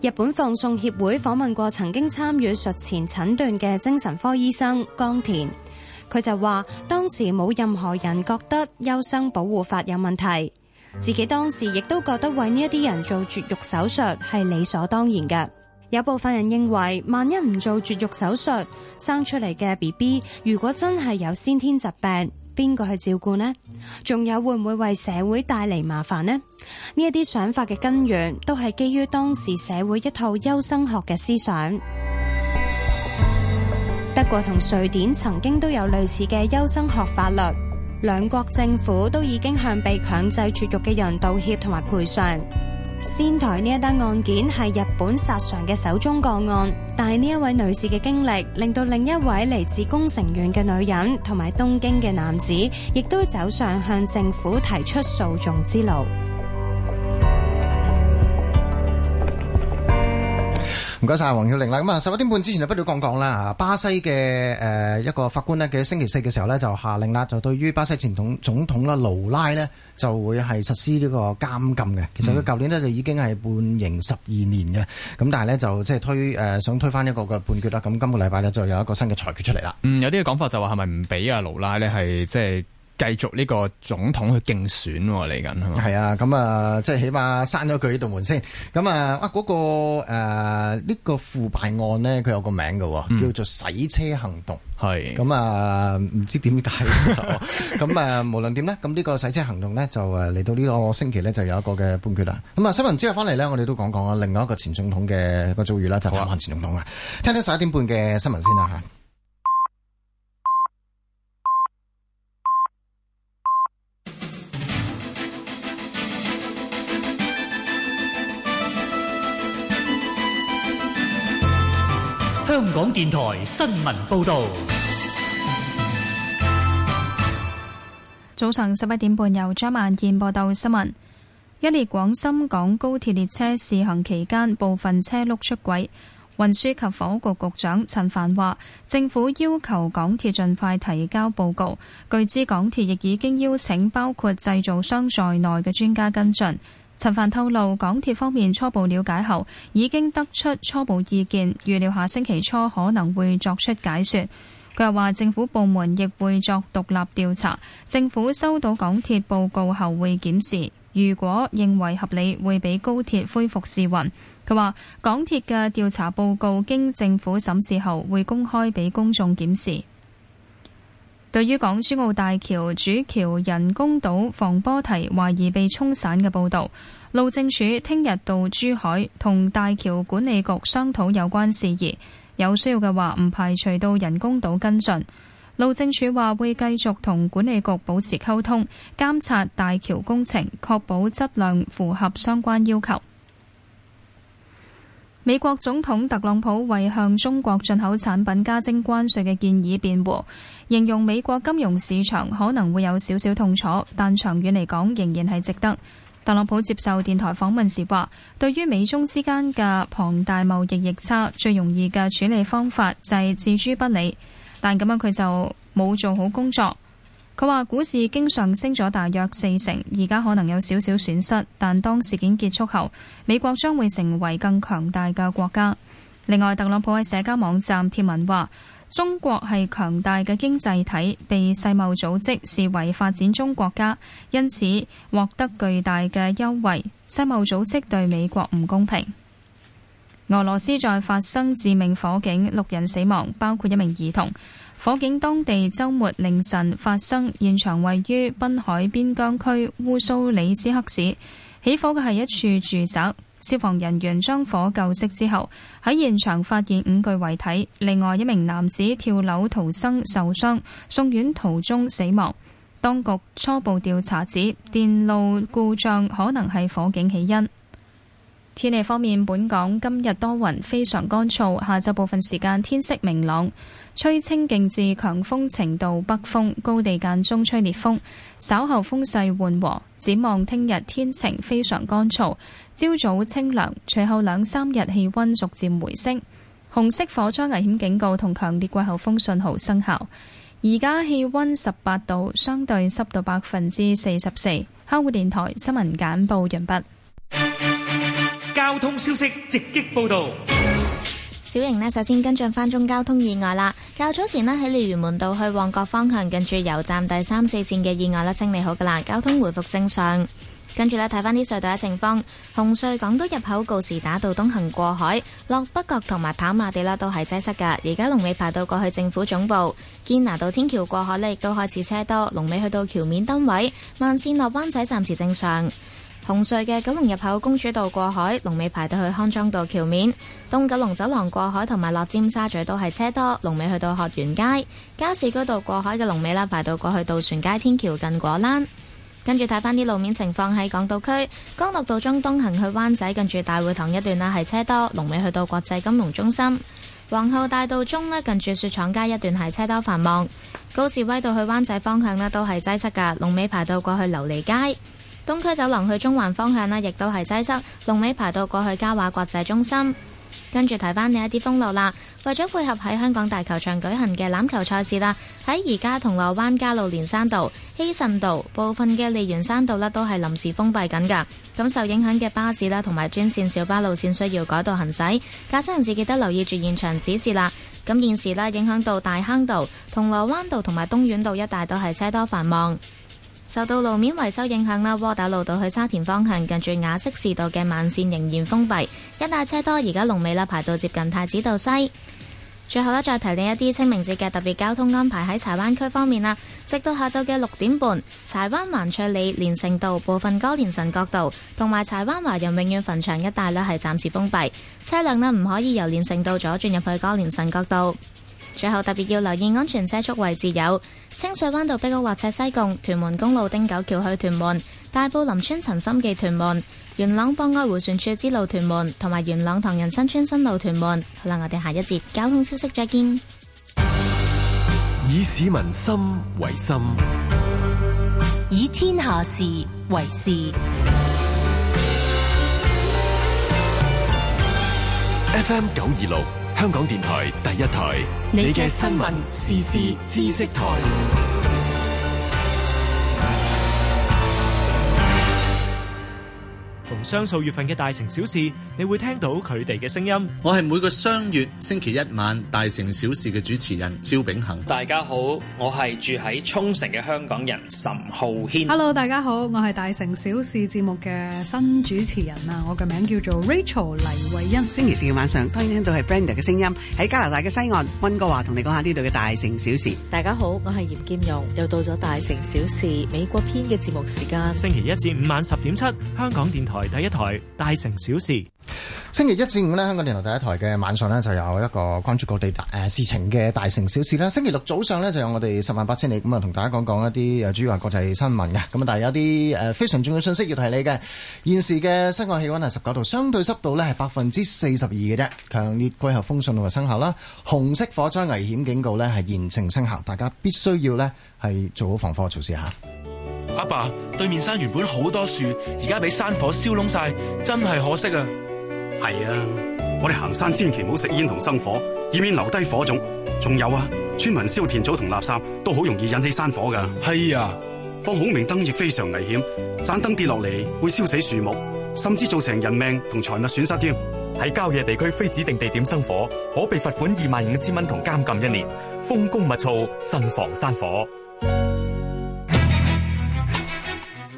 日本放送協會訪問過曾經參與術前診斷嘅精神科醫生江田，佢就話當時冇任何人覺得優生保護法有問題，自己當時亦都覺得為呢一啲人做絕育手術係理所當然嘅。有部分人認為，萬一唔做絕育手術，生出嚟嘅 BB 如果真係有先天疾病。邊個去照顧呢？仲有會唔會為社會帶嚟麻煩呢？呢一啲想法嘅根源都係基於當時社會一套優生學嘅思想。德國同瑞典曾經都有類似嘅優生學法律，兩國政府都已經向被強制絕育嘅人道歉同埋賠償。仙台呢一單案件係日本史上嘅首宗個案，但係呢一位女士嘅經歷，令到另一位嚟自宮城縣嘅女人，同埋東京嘅男子，亦都走上向政府提出訴訟之路。唔該晒王曉玲啦，咁啊，十一點半之前就不如講講啦吓。巴西嘅誒一個法官呢，佢星期四嘅時候呢，就下令啦，就對於巴西前統總統啦盧拉呢，就會係實施呢個監禁嘅。其實佢舊年呢，就已經係判刑十二年嘅，咁、嗯、但係呢，就即係推誒想推翻一個嘅判決啦。咁今個禮拜呢，就有一個新嘅裁決出嚟啦。嗯，有啲嘅講法就話係咪唔俾啊盧拉呢係即係？是就是繼續呢個總統去競選嚟緊係啊，咁啊，即係起碼閂咗佢呢道門先。咁啊，啊、那、嗰個誒呢、呃這個腐敗案呢，佢有個名嘅、嗯、叫做洗車行動。係咁啊，唔知點解咁啊，無論點呢，咁呢個洗車行動呢，就誒嚟到呢個星期呢，就有一個嘅判決啦。咁啊，新聞之後翻嚟呢，我哋都講講啊，另外一個前總統嘅個遭遇啦，就係韓前總統啊。聽聽十一點半嘅新聞先啦、啊、吓。香港電台新聞報道，早晨十一點半，由張曼燕報道新聞。一列廣深港高鐵列車試行期間，部分車轆出軌。運輸及房屋局局長陳帆話，政府要求港鐵盡快提交報告。據知，港鐵亦已經邀請包括製造商在內嘅專家跟進。陳凡透露，港鐵方面初步了解後，已經得出初步意見，預料下星期初可能會作出解說。佢又話，政府部門亦會作獨立調查，政府收到港鐵報告後會檢視，如果認為合理，會俾高鐵恢復試運。佢話，港鐵嘅調查報告經政府審視後，會公開俾公眾檢視。對於港珠澳大橋主橋人工島防波堤懷疑被沖散嘅報導，路政署聽日到珠海同大橋管理局商討有關事宜，有需要嘅話唔排除到人工島跟進。路政署話會繼續同管理局保持溝通，監察大橋工程，確保質量符合相關要求。美國總統特朗普為向中國進口產品加徵關稅嘅建議辯護，形容美國金融市場可能會有少少痛楚，但長遠嚟講仍然係值得。特朗普接受電台訪問時話，對於美中之間嘅龐大貿易逆差，最容易嘅處理方法就係置諸不理，但咁樣佢就冇做好工作。佢話：股市經常升咗大約四成，而家可能有少少損失。但當事件結束後，美國將會成為更強大嘅國家。另外，特朗普喺社交網站貼文話：中國係強大嘅經濟體，被世貿組織視為發展中國家，因此獲得巨大嘅優惠。世貿組織對美國唔公平。俄羅斯再發生致命火警，六人死亡，包括一名兒童。火警當地周末凌晨發生，現場位於濱海邊疆區烏蘇里斯克市。起火嘅係一處住宅，消防人員將火救熄之後，喺現場發現五具遺體，另外一名男子跳樓逃生受傷，送院途中死亡。當局初步調查指，電路故障可能係火警起因。天氣方面，本港今日多雲，非常乾燥，下晝部分時間天色明朗。吹清勁至強風程度北風，高地間中吹烈風。稍後風勢緩和。展望聽日天晴，非常乾燥。朝早清涼，隨後兩三日氣溫逐漸回升。紅色火災危險警告同強烈季候風信號生效。而家氣溫十八度，相對濕度百分之四十四。香港電台新聞簡報完畢。交通消息直擊報道，小瑩呢，首先跟進翻中交通意外啦。較早前呢，喺鯉魚門道去旺角方向近住油站第三四線嘅意外咧，清理好噶啦，交通回復正常。跟住呢，睇翻啲隧道嘅情況，紅隧港島入口告士打道東行過海、落北角同埋跑馬地咧，都係擠塞噶。而家龍尾排到過去政府總部、堅拿道天橋過海呢亦都開始車多。龍尾去到橋面燈位，慢線落灣仔暫時正常。紅隧嘅九龍入口公主道過海，龍尾排到去康莊道橋面；東九龍走廊過海同埋落尖沙咀都係車多，龍尾去到學園街；加士居道過海嘅龍尾啦，排到過去渡船街天橋近果欄。跟住睇翻啲路面情況喺港島區，干諾道中東行去灣仔，近住大會堂一段啦係車多，龍尾去到國際金融中心；皇后大道中呢近住雪廠街一段係車多繁忙；高士威道去灣仔方向呢都係擠塞噶，龍尾排到過去琉璃街。中區走廊去中環方向呢，亦都係擠塞，龍尾排到過去嘉華國際中心。跟住睇翻呢一啲封路啦，為咗配合喺香港大球場舉行嘅欖球賽事啦，喺而家銅鑼灣加路連山道、希慎道部分嘅利園山道呢，都係臨時封閉緊噶。咁受影響嘅巴士啦，同埋專線小巴路線需要改道行駛，駕駛人士記得留意住現場指示啦。咁現時咧，影響到大坑道、銅鑼灣道同埋東院道，一帶都係車多繁忙。受到路面維修影響啦，窩打老道去沙田方向，近住雅色士道嘅慢線仍然封閉，一帶車多，而家龍尾呢排到接近太子道西。最後呢，再提另一啲清明節嘅特別交通安排，喺柴灣區方面啦，直到下晝嘅六點半，柴灣環翠里連城道部分連角度、歌連臣角道同埋柴灣華人永遠墳場一帶呢係暫時封閉，車輛呢唔可以由連城道左轉入去歌連臣角道。最後特別要留意安全車速位置有清水灣道碧谷或赤西貢、屯門公路丁九橋去屯門、大埔林村陳心記屯門、元朗博愛回旋處之路屯門同埋元朗唐人新村新路屯門。好啦，我哋下一節交通消息再見。以市民心為心，以天下事為事。F M 九二六。 香港電台第一台，你嘅新聞時事知識台。同雙數月份嘅大城小事，你會聽到佢哋嘅聲音。我係每個雙月星期一晚大城小事嘅主持人焦炳恒。大家好，我係住喺沖繩嘅香港人岑浩軒。Hello，大家好，我係大城小事節目嘅新主持人啊！我嘅名叫做 Rachel 黎慧欣。星期四嘅晚上，當然聽到係 Brenda 嘅聲音喺加拿大嘅西岸溫哥華，同你講下呢度嘅大城小事。大家好，我係葉劍蓉。又到咗大城小事美國篇嘅節目時間。星期一至五晚十點七，香港電台。第一台大城小事，星期一至五呢，香港電台第一台嘅晚上呢，就有一個關注各地誒事情嘅大城小事啦。星期六早上呢，就有我哋十萬八千里咁啊，同大家講講一啲誒主要係國際新聞嘅。咁啊，但係有啲誒非常重要嘅信息，要提你嘅。現時嘅室外氣溫係十九度，相對濕度呢係百分之四十二嘅啫。強烈季候風信號生效啦，紅色火災危險警告呢係延長生效，大家必須要呢係做好防火措施吓。阿爸，爸，對面山原本好多樹，而家俾山火燒窿晒，真係可惜啊！係啊，我哋行山千祈唔好食煙同生火，以免留低火種。仲有啊，村民燒田草同垃圾都好容易引起山火噶。係啊，放孔明燈亦非常危險，盞燈跌落嚟會燒死樹木，甚至造成人命同財物損失添。喺郊野地區非指定地點生火，可被罰款二萬五千蚊同監禁一年。風高物燥，慎防山火。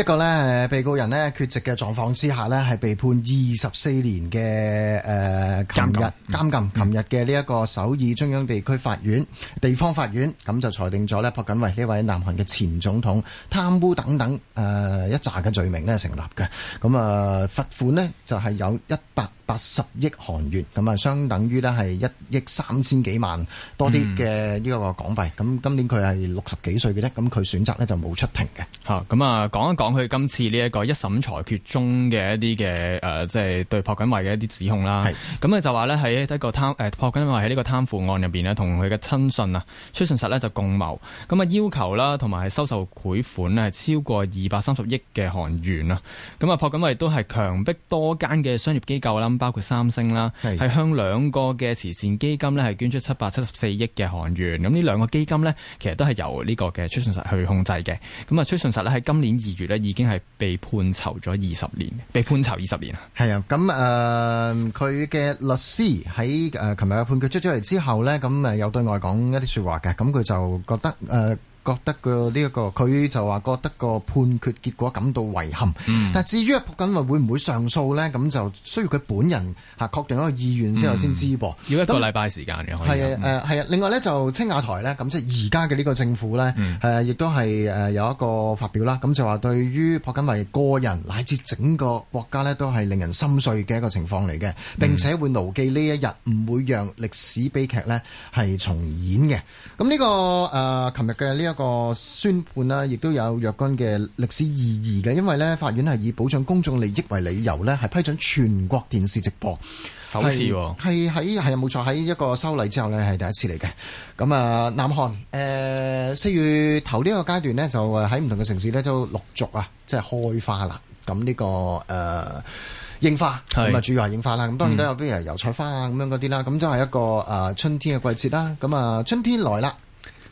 一個呢，被告人咧缺席嘅狀況之下呢係被判二十四年嘅誒監禁。監禁，琴日嘅呢一個首爾中央地區法院地方法院，咁就裁定咗呢朴槿惠呢位南韓嘅前總統貪污等等誒、呃、一紮嘅罪名咧成立嘅。咁、呃、啊，罰款呢，就係有一百。八十億韓元咁啊，相等於咧係一億三千幾萬多啲嘅呢個港幣。咁、嗯、今年佢係六十幾歲嘅咧，咁佢選擇咧就冇出庭嘅。咁啊、嗯、講一講佢今次呢一個一審裁決中嘅一啲嘅誒，即、呃、係、就是、對朴槿惠嘅一啲指控啦。咁啊是就話咧喺呢個貪誒朴槿惠喺呢個貪腐案入面呢，同佢嘅親信啊、崔信實咧就共謀，咁啊要求啦同埋收受賄款呢係超過二百三十億嘅韓元啦。咁啊朴槿惠都係強迫多間嘅商業機構啦。包括三星啦，係向兩個嘅慈善基金咧，係捐出七百七十四億嘅韓元。咁呢兩個基金咧，其實都係由呢個嘅崔順實去控制嘅。咁啊，崔順實咧喺今年二月咧已經係被判囚咗二十年，被判囚二十年啊。係啊，咁誒佢嘅律師喺誒琴日嘅判決出咗嚟之後咧，咁誒有對外講一啲説話嘅。咁佢就覺得誒。呃覺得個呢一個，佢就話覺得個判決結果感到遺憾。嗯、但至於朴槿惠會唔會上訴呢？咁就需要佢本人嚇確定一個意願之後先知噃、嗯。要一個禮拜時間嘅。係那啊，誒係啊，啊。另外呢，就青瓦台呢，咁即係而家嘅呢個政府呢，誒亦、嗯啊、都係誒有一個發表啦。咁就話對於朴槿惠個人乃至整個國家呢，都係令人心碎嘅一個情況嚟嘅。並且會牢記呢一日，唔會讓歷史悲劇呢係重演嘅。咁呢、這個誒，琴日嘅呢一個宣判啦，亦都有若干嘅歷史意義嘅，因為咧法院係以保障公眾利益為理由咧，係批准全國電視直播，首次喎、哦，係喺係冇錯，喺一個修例之後咧，係第一次嚟嘅。咁啊，南韓誒四月頭呢個階段咧，就喺唔同嘅城市咧就陸續啊，即、就、係、是、開花啦。咁呢、呢個誒櫻、呃、花咁啊，是那主要有櫻花啦，咁當然都有啲誒、嗯、油菜花啊，咁樣嗰啲啦。咁就係一個誒、呃、春天嘅季節啦。咁啊，春天來啦，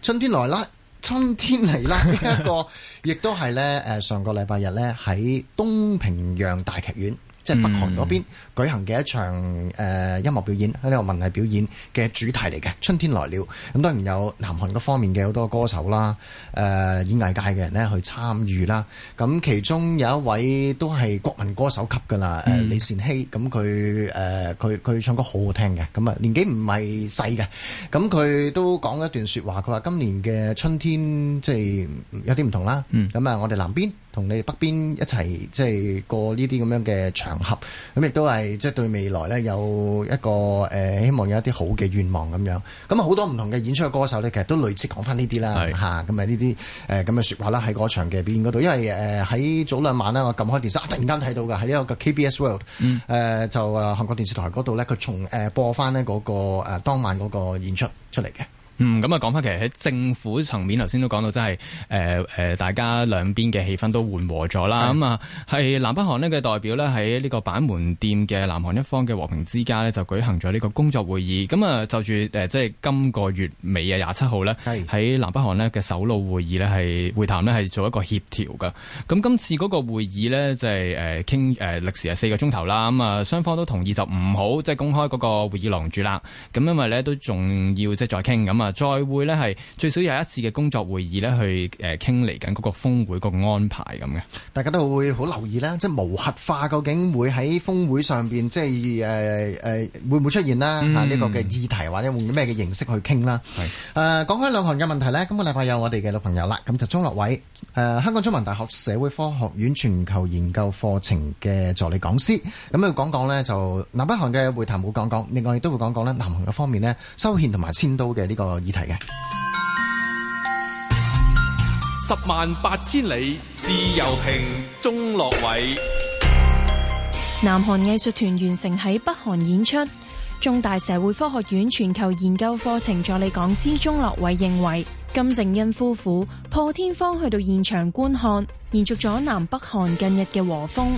春天來啦。春天嚟啦！呢一個亦都係咧誒上個禮拜日咧喺東平洋大劇院。即係北韓嗰邊舉行嘅一場誒、呃、音樂表演，喺呢個文藝表演嘅主題嚟嘅，春天來了。咁當然有南韓嗰方面嘅好多歌手啦，誒、呃、演藝界嘅人呢去參與啦。咁其中有一位都係國民歌手級㗎喇，誒、嗯呃、李善希。咁佢誒佢佢唱歌好好聽嘅。咁啊年紀唔係細嘅，咁佢都講一段説話。佢話今年嘅春天即係、就是、有啲唔同啦。咁啊，我哋南邊。同你北邊一齊即係過呢啲咁樣嘅場合，咁亦都係即係對未來呢，有一個誒、呃、希望有一啲好嘅願望咁樣。咁好多唔同嘅演出嘅歌手呢，其實都類似講翻呢啲啦嚇。咁啊呢啲誒咁嘅說話啦，喺嗰場嘅表演嗰度。因為誒喺、呃、早兩晚呢，我撳開電視我突然間睇到噶喺呢個 KBS World 誒、嗯呃、就韓國電視台嗰度呢，佢從誒播翻呢嗰個當、呃、當晚嗰個演出出嚟嘅。嗯，咁啊，講翻其實喺政府層面，頭先都講到真係誒誒大家兩邊嘅氣氛都緩和咗啦。咁啊的，係、嗯、南北韓咧嘅代表咧喺呢個板門店嘅南韓一方嘅和平之家咧，就舉行咗呢個工作會議，咁啊、呃，就住誒即係今個月尾啊廿七號咧，喺的南北韓咧嘅首腦會議咧係會談咧係做一個協調嘅。咁今次嗰個會議咧就係誒傾誒歷時係四個鐘頭啦。咁、嗯、啊，雙方都同意就唔好即係公開嗰個會議住啦。咁因為咧都仲要即係、就是、再傾咁啊。再會呢係最少有一次嘅工作會議呢，去誒傾嚟緊嗰個峰會個安排咁嘅。大家都會好留意啦，即係無核化究竟會喺峰會上面，即係誒誒會唔會出現啦？呢、嗯啊呢個嘅議題或者會用咩嘅形式去傾啦？係誒是的、啊、講開兩韓嘅問題呢，今個禮拜有我哋嘅老朋友啦，咁就鍾樂偉、啊，香港中文大學社會科學院全球研究課程嘅助理講師，咁佢講講呢，就南北韓嘅會談冇講講，另外亦都會講講呢南韓嘅方面呢，修憲同埋遷都嘅呢、呢個。議題嘅十萬八千里自由評，鍾樂偉。南韓藝術團完成喺北韓演出。中大社會科學院全球研究課程助理講師鍾樂偉認為，金正恩夫婦破天荒去到現場觀看，延續咗南北韓近日嘅和風。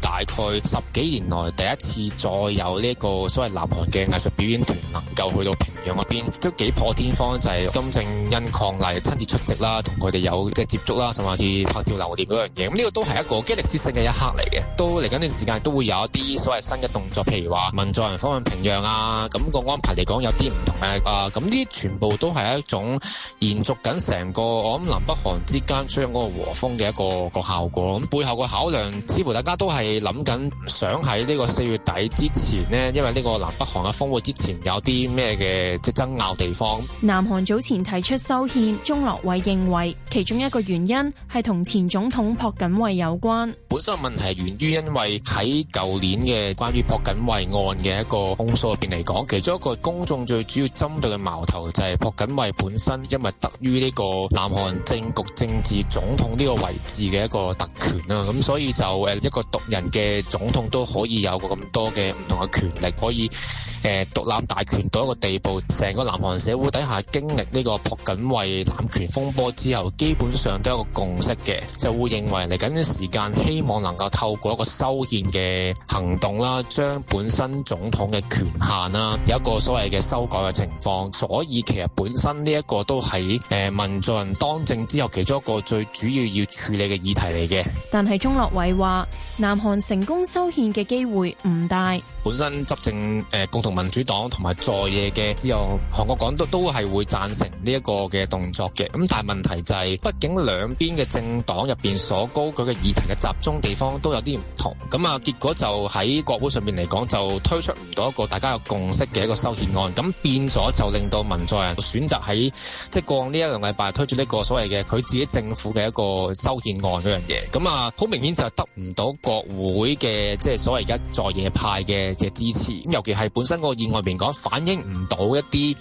大概十幾年來第一次再有呢個所謂南韓嘅藝術表演團能夠去到平壤嗰邊，都幾破天荒，就係、是、金正恩伉儷親自出席啦，同佢哋有即接觸啦，甚至拍照留念嗰樣嘢。咁、嗯、呢、這個都係一個幾歷史性嘅一刻嚟嘅。都嚟緊段時間都會有一啲所謂新嘅動作，譬如話文在寅訪問平壤啊，咁、那個安排嚟講有啲唔同嘅啊。咁呢啲全部都係一種延續緊成個我諗南北韓之間出咗嗰個和風嘅一個一個效果。咁、嗯、背後個考量，似乎大家都係。係諗緊，想喺呢個四月底之前呢，因為呢個南北韓嘅峰會之前有啲咩嘅即係爭拗地方。南韓早前提出修憲，鍾樂偉認為其中一個原因係同前總統朴槿惠有關。本身問題係源於因為喺舊年嘅關於朴槿惠案嘅一個控訴入邊嚟講，其中一個公眾最主要針對嘅矛頭就係朴槿惠本身，因為得於呢個南韓政局政治總統呢個位置嘅一個特權啊。咁所以就誒一個獨人。嘅總統都可以有個咁多嘅唔同嘅權力，可以誒獨攬大權到一個地步。成個南韓社會底下經歷呢個朴槿惠攬權風波之後，基本上都有一個共識嘅，就會認為嚟緊啲時間，希望能夠透過一個修憲嘅行動啦，將本身總統嘅權限啦有一個所謂嘅修改嘅情況。所以其實本身呢一個都喺誒文在寅當政之後，其中一個最主要要處理嘅議題嚟嘅。但係鍾樂偉話，南韓成功修憲嘅機會唔大。本身執政誒，共同民主黨同埋在野嘅自由韓國黨都都係會贊成呢一個嘅動作嘅。咁但係問題就係、是，畢竟兩邊嘅政黨入邊所高舉嘅議題嘅集中地方都有啲唔同。咁啊，結果就喺國會上面嚟講，就推出唔到一個大家有共識嘅一個修憲案。咁變咗就令到文在寅選擇喺即係過往呢一兩禮拜推出呢個所謂嘅佢自己政府嘅一個修憲案樣嘢。咁啊，好明顯就係得唔到國會。會嘅，即係所謂而家在，在野派嘅嘅支持，咁尤其係本身個意外面講，反映唔到一啲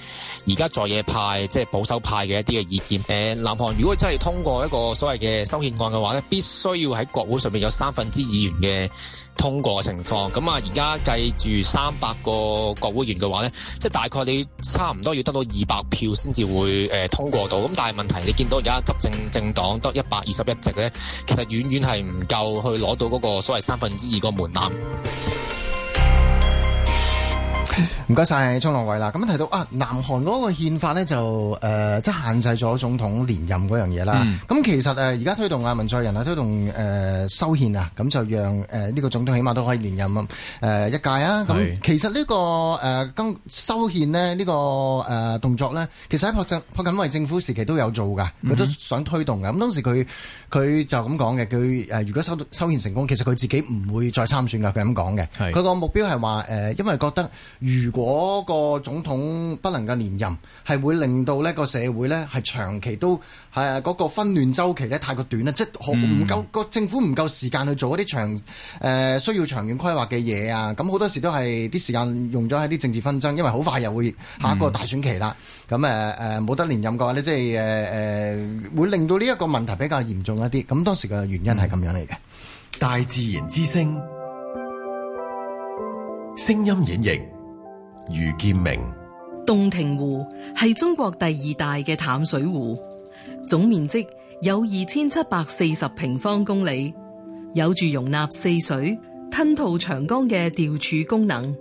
而家在野派即係保守派嘅一啲嘅意見。誒、呃，南韓如果真係通過一個所謂嘅修憲案嘅話咧，必須要喺國會上面有三分之二議員嘅。通過嘅情況，咁啊，而家計住三百個國會議員嘅話呢，即係大概你差唔多要得到二百票先至會誒通過到。咁但係問題是你見到而家執政政黨得一百二十一席呢，其實遠遠係唔夠去攞到嗰個所謂三分之二個門檻。 唔該晒，鍾樂偉啦。咁樣提到啊，南韓嗰個憲法呢就誒即係限制咗總統連任嗰樣嘢啦。咁、嗯、其實誒而家推動啊文在寅啊推動誒、呃、修憲啊，咁就讓誒呢個總統起碼都可以連任誒一屆啊。咁是其實呢、這個誒跟、呃、修憲呢呢、這個誒、呃、動作呢其實喺朴政朴槿惠政府時期都有做㗎，佢都想推動㗎。咁、嗯、哼當時佢佢就咁講嘅，佢誒如果修修憲成功，其實佢自己唔會再參選㗎。佢咁講嘅，佢個是目標係話誒，因為覺得如果嗰個總統不能夠連任，係會令到呢個社會呢，係長期都係嗰、嗰個紛亂周期呢，太過短啦，即係唔夠個政府唔夠時間去做一啲長誒、呃、需要長遠規劃嘅嘢啊。咁好多時都係啲時間用咗喺啲政治紛爭，因為好快又會下一個大選期啦。咁誒冇得連任嘅話呢，即係誒誒會令到呢一個問題比較嚴重一啲。咁當時嘅原因係咁樣嚟嘅。大自然之星聲音演繹。余建明，洞庭湖係中國第二大嘅淡水湖，總面積有二千七百四十平方公里，有住容納四水、吞吐長江嘅調蓄功能。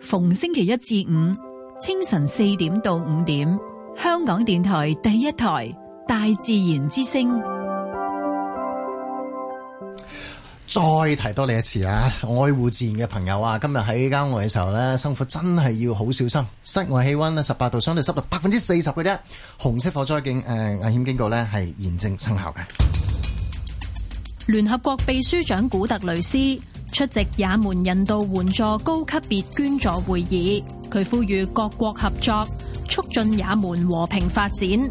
逢星期一至五，清晨四點到五點，香港電台第一台《大自然之聲》。再提多你一次啊！愛護自然嘅朋友啊，今日喺郊外嘅時候咧，生活真係要好小心。室外氣溫呢，十八度，相對濕度百分之四十嘅啫。紅色火災警誒危險警告咧係現正生效嘅。聯合國秘書長古特雷斯出席也門人道援助高級別捐助會議，佢呼籲各國合作，促進也門和平發展。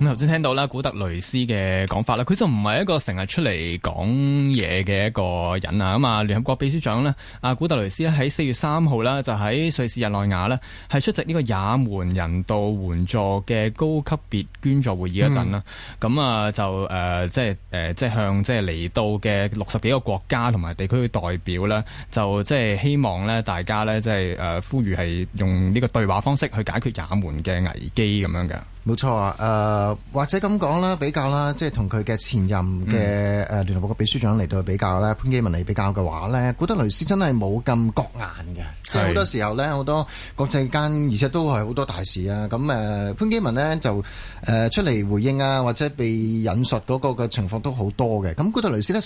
咁頭先聽到啦，古特雷斯嘅講法啦，佢就唔係一個成日出嚟講嘢嘅一個人啊。咁啊，聯合國秘書長咧，阿古特雷斯咧喺四月三號啦，就喺瑞士日內瓦呢係出席呢個也門人道援助嘅高級別捐助會議嗰陣啦。咁啊、嗯，就誒、呃，即係、呃、即係向即係嚟到嘅六十幾個國家同埋地區嘅代表咧，就即係希望呢大家呢即係誒、呃，呼籲係用呢個對話方式去解決也門嘅危機咁樣嘅。冇錯啊、呃！或者咁講啦，比較啦，即係同佢嘅前任嘅誒聯合國嘅秘書長嚟到去比較啦。嗯、潘基文嚟比較嘅話呢，古特雷斯真係冇咁覺眼嘅，是即係好多時候呢，好多國際間，而且都係好多大事啊！咁誒，潘基文呢就誒、呃、出嚟回應啊，或者被引述嗰個嘅情況都好多嘅。咁古特雷斯呢，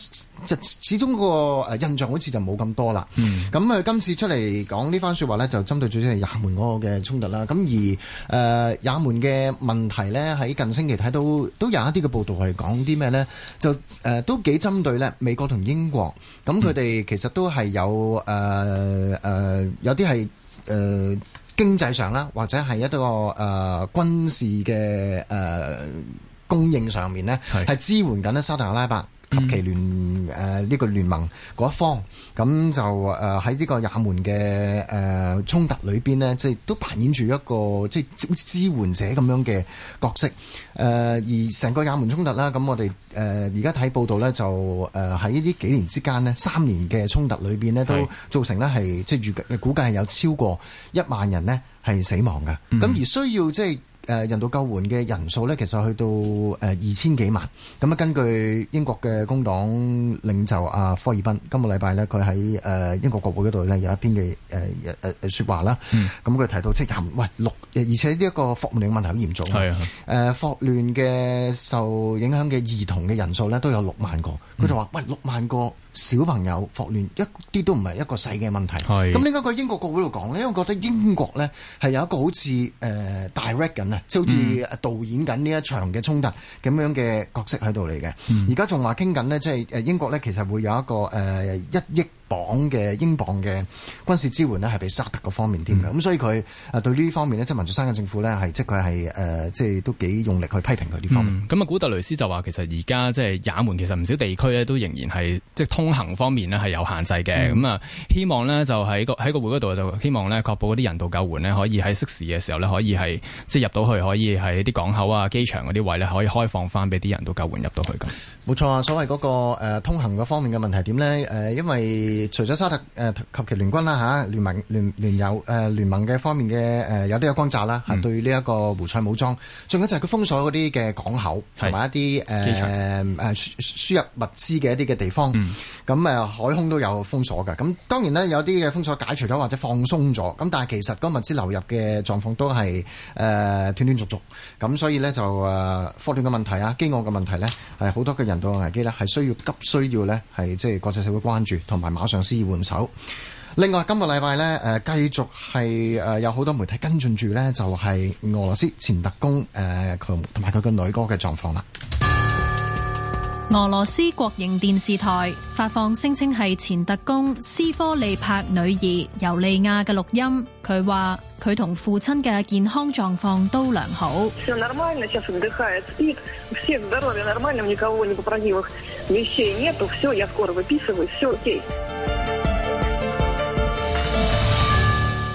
就始終個個印象好似就冇咁多啦。咁佢、嗯、今次出嚟講呢番説話呢，就針對最緊係也門嗰個嘅衝突啦。咁、啊、而誒、呃、也門嘅。問題咧，喺近星期睇到都有一啲嘅報道係講啲咩咧？就誒、呃、都幾針對咧美國同英國，咁佢哋其實都係有誒誒、呃呃、有啲係誒經濟上啦，或者係一個誒、呃、軍事嘅誒、呃、供應上面咧，係的支援緊咧沙特阿拉伯。及其聯誒呢、呃這個聯盟嗰一方，咁就誒喺呢個也門嘅誒、呃、衝突裏邊呢即係都扮演住一個即係支援者咁樣嘅角色。誒、呃、而成個也門衝突啦，咁我哋誒而家睇報道呢，就誒喺呢啲幾年之間呢三年嘅衝突裏邊呢都造成呢係是即係預估計係有超過一萬人呢係死亡嘅。咁、嗯、而需要即係。誒，人道救援嘅人數咧，其實去到誒二千幾萬。咁啊，根據英國嘅工黨領袖阿科爾賓，今個禮拜咧，佢喺誒英國國會嗰度咧有一篇嘅誒誒誒說話啦。咁佢、嗯、提到即係喂六，而且呢一個霍亂問題好嚴重。係啊的，誒霍亂嘅受影響嘅兒童嘅人數咧都有六萬個。佢就話喂六萬個。小朋友霍亂一啲都唔係一個細嘅問題。咁點解個英國國會度講呢？因為我覺得英國呢係有一個好似誒、呃、direct 緊咧，即係好似導演緊呢一場嘅衝突咁樣嘅角色喺度嚟嘅。而家仲話傾緊呢，即係誒英國呢其實會有一個誒、呃、一億。港嘅英國嘅軍事支援呢係俾沙特嗰方面添嘅，咁所以佢啊對呢方面呢，即係民族山嘅政府呢，係即佢係誒，即、呃、係都幾用力去批評佢呢方面。咁啊、嗯，古特雷斯就話其實而家即係也門，其實唔少地區呢都仍然係即係通行方面呢係有限制嘅。咁啊、嗯嗯，希望呢就喺個喺個會嗰度就希望呢確保嗰啲人道救援呢，可以喺適時嘅時候呢，可以係即係入到去，可以喺啲港口啊、機場嗰啲位呢，可以開放翻俾啲人道救援入到去。咁冇錯啊，所謂嗰、那個、呃、通行嗰方面嘅問題點呢，誒、呃，因為除咗沙特誒及其聯軍啦吓、聯盟聯聯友誒聯盟嘅方面嘅誒有啲有轟炸啦，吓、嗯、對呢一個胡塞武裝，仲有就係佢封鎖啲嘅港口同埋是一啲誒誒輸輸入物資嘅一啲嘅地方。咁誒、嗯、海空都有封鎖嘅。咁當然咧有啲嘅封鎖解除咗或者放鬆咗。咁但係其實個物資流入嘅狀況都係誒斷斷續續咁，所以咧就誒霍亂嘅問題啊、飢餓嘅問題咧係好多嘅人道嘅危機咧係需要急需要咧係即係國際社會關注同埋。上司要換手。另外，今個禮拜咧，誒繼續係誒有好多媒體跟進住咧，就係俄羅斯前特工誒同埋佢嘅女哥嘅狀況啦。俄羅斯國營電視台發放聲稱係前特工斯科利柏女兒尤利亞嘅錄音，佢話佢同父親嘅健康狀況都良好。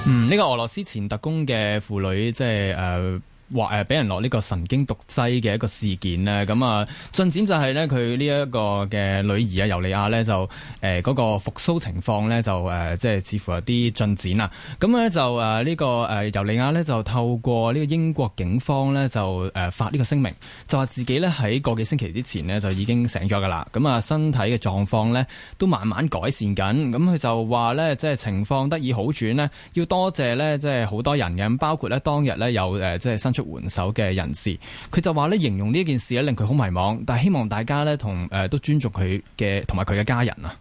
嗯，呢、這個俄羅斯前特工嘅婦女，即係誒。呃話誒俾人落呢個神經毒劑嘅一個事件呢，咁啊進展就係呢，佢呢一個嘅女兒啊尤莉亞呢，就誒嗰個復甦情況呢，就、呃、誒即係似乎有啲進展啦。咁咧就誒呢個誒尤莉亞呢，就透過呢個英國警方呢，就誒發呢個聲明，就話自己呢喺個幾星期之前呢，就已經醒咗噶啦。咁啊身體嘅狀況呢，都慢慢改善緊。咁佢就話呢，即係情況得以好轉呢，要多謝呢，即係好多人嘅，包括呢當日呢，有誒即係新援手嘅人士，佢就話咧形容呢一件事咧令佢好迷茫，但係希望大家咧同誒都尊重佢嘅同埋佢嘅家人啊。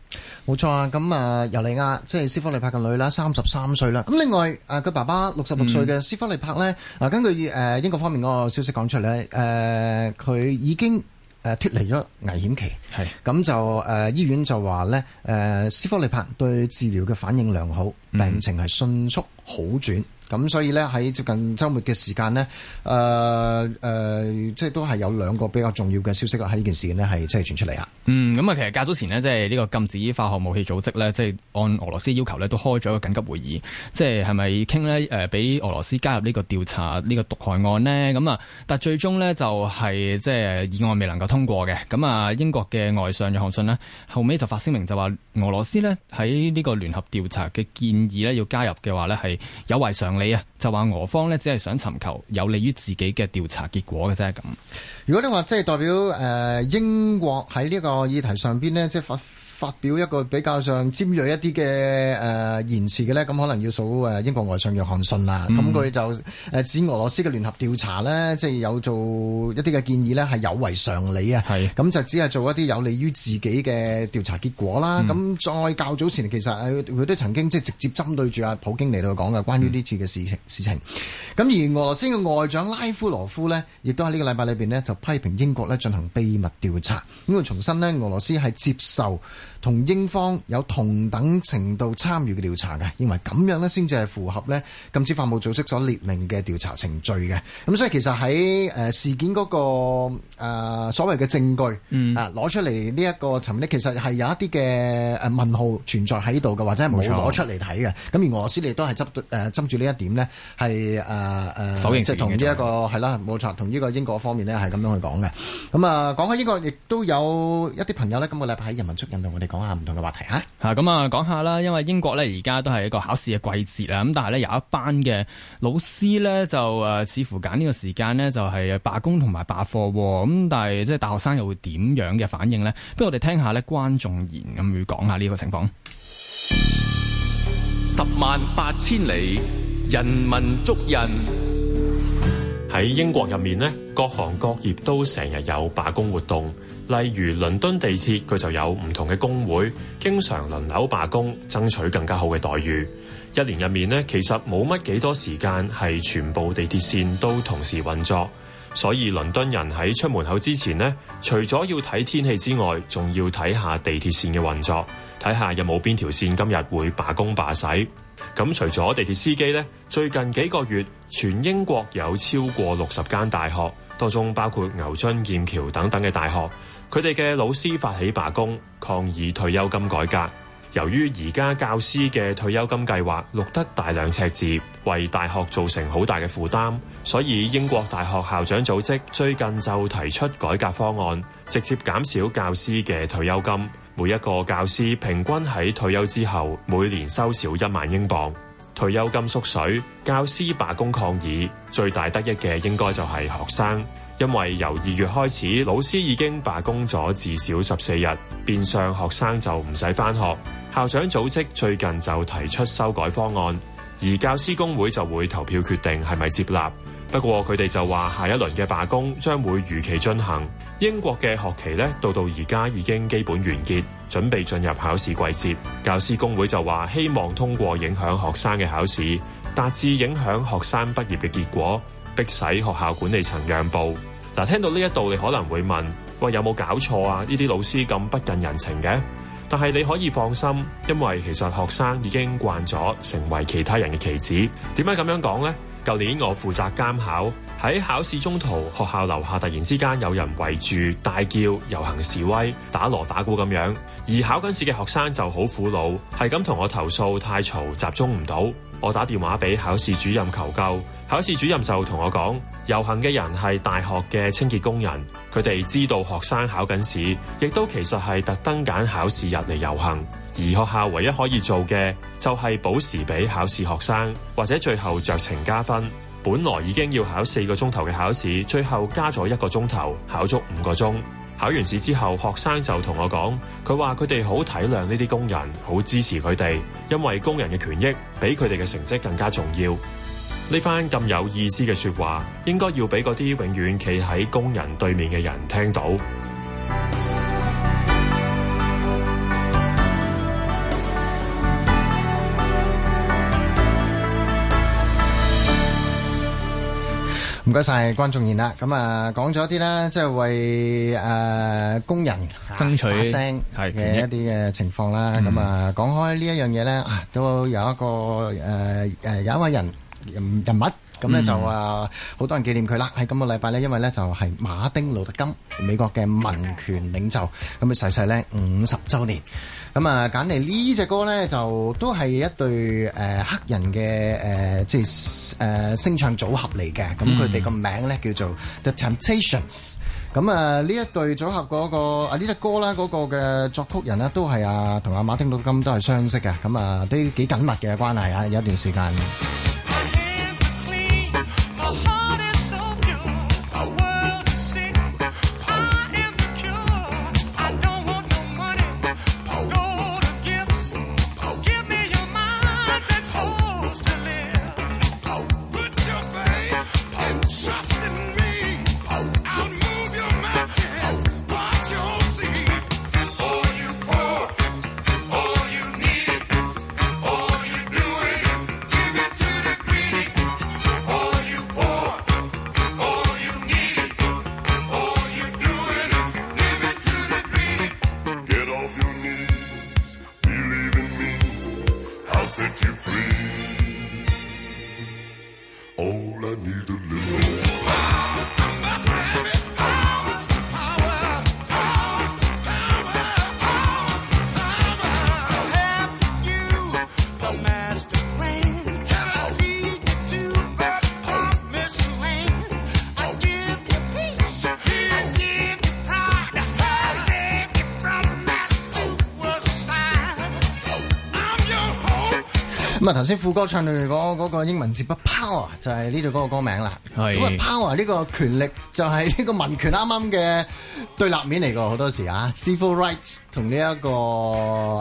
冇錯啊，咁啊、呃、尤利亞即係斯科利帕嘅女啦，三十三歲啦。咁另外啊，佢爸爸六十六歲嘅斯科利帕咧，啊、嗯、根據誒英國方面個消息講出嚟，誒、呃、佢已經誒脫離咗危險期，係咁是就誒、呃、醫院就話咧，誒、呃、斯科利帕對治療嘅反應良好，病情係迅速好轉。嗯咁所以咧喺接近周末嘅時間呢，誒、呃、誒、呃、即係都係有兩個比較重要嘅消息啦，喺呢件事件呢係即係傳出嚟啊！嗯，咁啊，其實較早前呢，即係呢個禁止化學武器組織呢，即係按俄羅斯要求呢，都開咗一個緊急會議，即係係咪傾呢誒俾俄羅斯加入呢個調查呢、這個毒害案呢？咁啊，但最終呢，就係、是、即係議案未能夠通過嘅。咁啊，英國嘅外相約翰遜呢，後尾就發聲明就話俄羅斯呢，喺呢個聯合調查嘅建議呢，要加入嘅話呢，係有違上。你啊，就話俄方咧，只係想尋求有利於自己嘅調查結果嘅啫。咁如果你話即係代表誒、呃、英國喺呢個議題上邊咧，即係發。發表一個比較上尖鋭一啲嘅誒言辭嘅呢，咁可能要數英國外相約翰遜啦。咁佢、嗯、就誒指俄羅斯嘅聯合調查呢，即、就、係、是、有做一啲嘅建議呢，係有違常理啊。咁是就只係做一啲有利於自己嘅調查結果啦。咁、嗯、再較早前，其實佢都曾經即係直接針對住阿普京嚟到講嘅，關於呢次嘅事情，嗯、事情。咁而俄羅斯嘅外長拉夫羅夫呢，亦都喺呢個禮拜裏面呢，就批評英國呢進行秘密調查。咁佢重申呢，俄羅斯係接受。同英方有同等程度參與嘅調查嘅，認為咁樣呢先至係符合呢禁止法務組織所列明嘅調查程序嘅。咁所以其實喺事件嗰個所謂嘅證據，嗯啊攞出嚟呢一個層面呢，其實係有一啲嘅誒問號存在喺度嘅，或者係冇攞出嚟睇嘅。咁錯而俄羅斯亦都係執誒執住呢一點呢係誒否認，即係同呢一個係啦，冇錯，同呢個英國方面呢係咁樣去、嗯嗯、講嘅。咁啊，講開英國亦都有一啲朋友呢，今個禮拜喺人民出印度，我哋。講下唔同嘅話題吓，吓咁啊講、啊、下啦，因為英國咧而家都係一個考試嘅季節啦，咁但係咧有一班嘅老師咧就誒、呃，似乎揀呢個時間咧就係、是、罷工同埋罷課，咁、啊、但係即係大學生又會點樣嘅反應咧？不如我哋聽一下咧關仲賢咁去講下呢個情況。十萬八千里，人民足印。喺英國入面呢，各行各業都成日有罷工活動。例如倫敦地鐵，佢就有唔同嘅工會，經常輪流罷工，爭取更加好嘅待遇。一年入面咧，其實冇乜幾多時間係全部地鐵線都同時運作，所以倫敦人喺出門口之前咧，除咗要睇天氣之外，仲要睇下地鐵線嘅運作，睇下有冇邊條線今日會罷工罷駛。咁除咗地鐵司機咧，最近幾個月，全英國有超過六十間大學當中包括牛津、劍橋等等嘅大學。佢哋嘅老師發起罷工，抗議退休金改革。由於而家教師嘅退休金計劃錄得大量赤字，為大學造成好大嘅負擔，所以英國大學校長組織最近就提出改革方案，直接減少教師嘅退休金。每一個教師平均喺退休之後每年收少一萬英鎊。退休金縮水，教師罷工抗議，最大得益嘅應該就係學生。因為由二月開始，老師已經罷工咗至少十四日，變相學生就唔使翻學。校長組織最近就提出修改方案，而教師工會就會投票決定係咪接納。不過佢哋就話下一輪嘅罷工將會如期進行。英國嘅學期呢到到而家已經基本完結，準備進入考試季節。教師工會就話希望通過影響學生嘅考試，達至影響學生畢業嘅結果，迫使學校管理層讓步。嗱，聽到呢一度，你可能會問，喂，有冇搞錯啊？呢啲老師咁不近人情嘅。但係你可以放心，因為其實學生已經慣咗成為其他人嘅棋子。點解咁樣講咧？舊年我負責監考，喺考試中途，學校樓下突然之間有人圍住大叫、遊行示威、打鑼打鼓咁樣，而考緊試嘅學生就好苦惱，係咁同我投訴太嘈，集中唔到。我打電話俾考試主任求救。考試主任就同我講：遊行嘅人係大學嘅清潔工人，佢哋知道學生考緊試，亦都其實係特登揀考試日嚟遊行。而學校唯一可以做嘅就係補時俾考試學生，或者最後酌情加分。本來已經要考四個鐘頭嘅考試，最後加咗一個鐘頭，考足五個鐘。考完試之後，學生就同我講，佢話佢哋好體諒呢啲工人，好支持佢哋，因為工人嘅權益比佢哋嘅成績更加重要。呢番咁有意思嘅説話，應該要俾嗰啲永遠企喺工人對面嘅人聽到。唔該曬觀眾員啦，咁啊講咗啲咧，即係為誒工人爭取聲嘅一啲嘅情況啦。咁啊講開呢一樣嘢咧，都有一個誒誒有一位人，人物咁咧就啊好多人紀念佢啦。喺今個禮拜咧，因為咧就係馬丁路德金美國嘅民權領袖，咁佢逝世咧五十週年。咁啊揀嚟呢隻歌咧，就都係一對誒黑人嘅誒即係誒聲唱組合嚟嘅。咁佢哋個名咧叫做 The Temptations。咁啊呢一對組合嗰個啊呢隻歌啦嗰個嘅作曲人咧都係啊同阿馬丁路德金都係相識嘅。咁啊都幾緊密嘅關係啊，有一段時間。咁啊，頭先副歌唱到嗰個個英文字不 power 就係呢度嗰個歌名啦。係咁啊，power 呢個權力就係呢個民權啱啱嘅對立面嚟㗎。好多時啊，civil rights 同呢一個誒、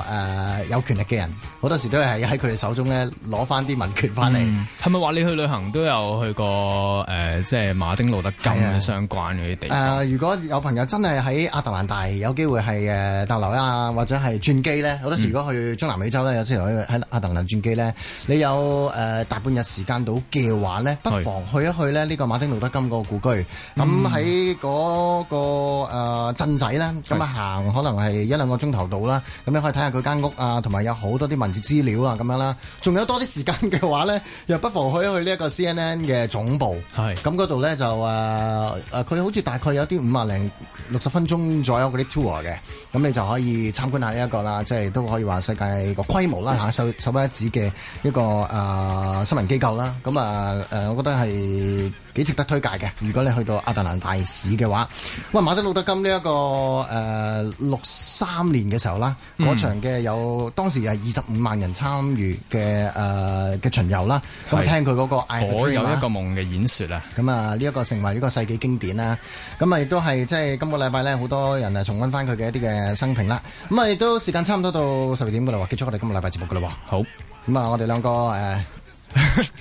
呃、有權力嘅人，好多時都係喺佢哋手中咧攞翻啲民權翻嚟。係咪話你去旅行都有去過誒即係馬丁路德金相關嗰啲地方？誒、啊呃，如果有朋友真係喺亞特蘭大有機會係誒逗留啊或者係轉機咧，好多時如果去中南美洲咧，有啲人喺亞特蘭轉機咧。嗯你有誒、呃、大半日時間到嘅話咧，不妨去一去咧呢個馬丁路德金嗰個故居。咁喺嗰個誒、呃、鎮仔呢，咁啊行可能係一兩個鐘頭到啦。咁是你可以睇下佢間屋啊，同埋有好多啲文字資料啊咁樣啦。仲有多啲時間嘅話咧，又不妨去一去呢一個 CNN 嘅總部。咁嗰度咧就誒誒，佢哋、呃、好似大概有啲五十零六十分鐘左右嗰啲 tour 嘅，咁你就可以參觀下呢、這、一個啦。即係都可以話世界個規模啦嚇，首、首屈一指嘅。一個誒、呃、新聞機構啦，咁啊誒，我覺得係幾值得推介嘅。如果你去到亞特蘭大市嘅話，喂，馬丁路德金呢、這、一個誒六三年嘅時候啦，嗰場嘅有、嗯、當時係二十五萬人參與嘅誒嘅巡遊啦，咁聽佢嗰個 train, 我有一個夢嘅演說啊，咁啊呢一個成為呢個世紀經典啦。咁啊亦都係即係今個禮拜咧，好多人啊重溫翻佢嘅一啲嘅生平啦。咁啊亦都時間差唔多到十二點噶啦，結束我哋今個禮拜節目噶啦，好。咁啊，我哋兩個誒、uh,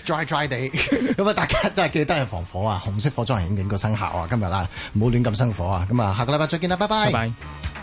dry dry 地，咁啊，大家真係記得係防火啊！紅色火災已影緊個生效啊！今日啦，唔好亂咁生火啊！咁啊，下個禮拜再見啦，拜拜。Bye bye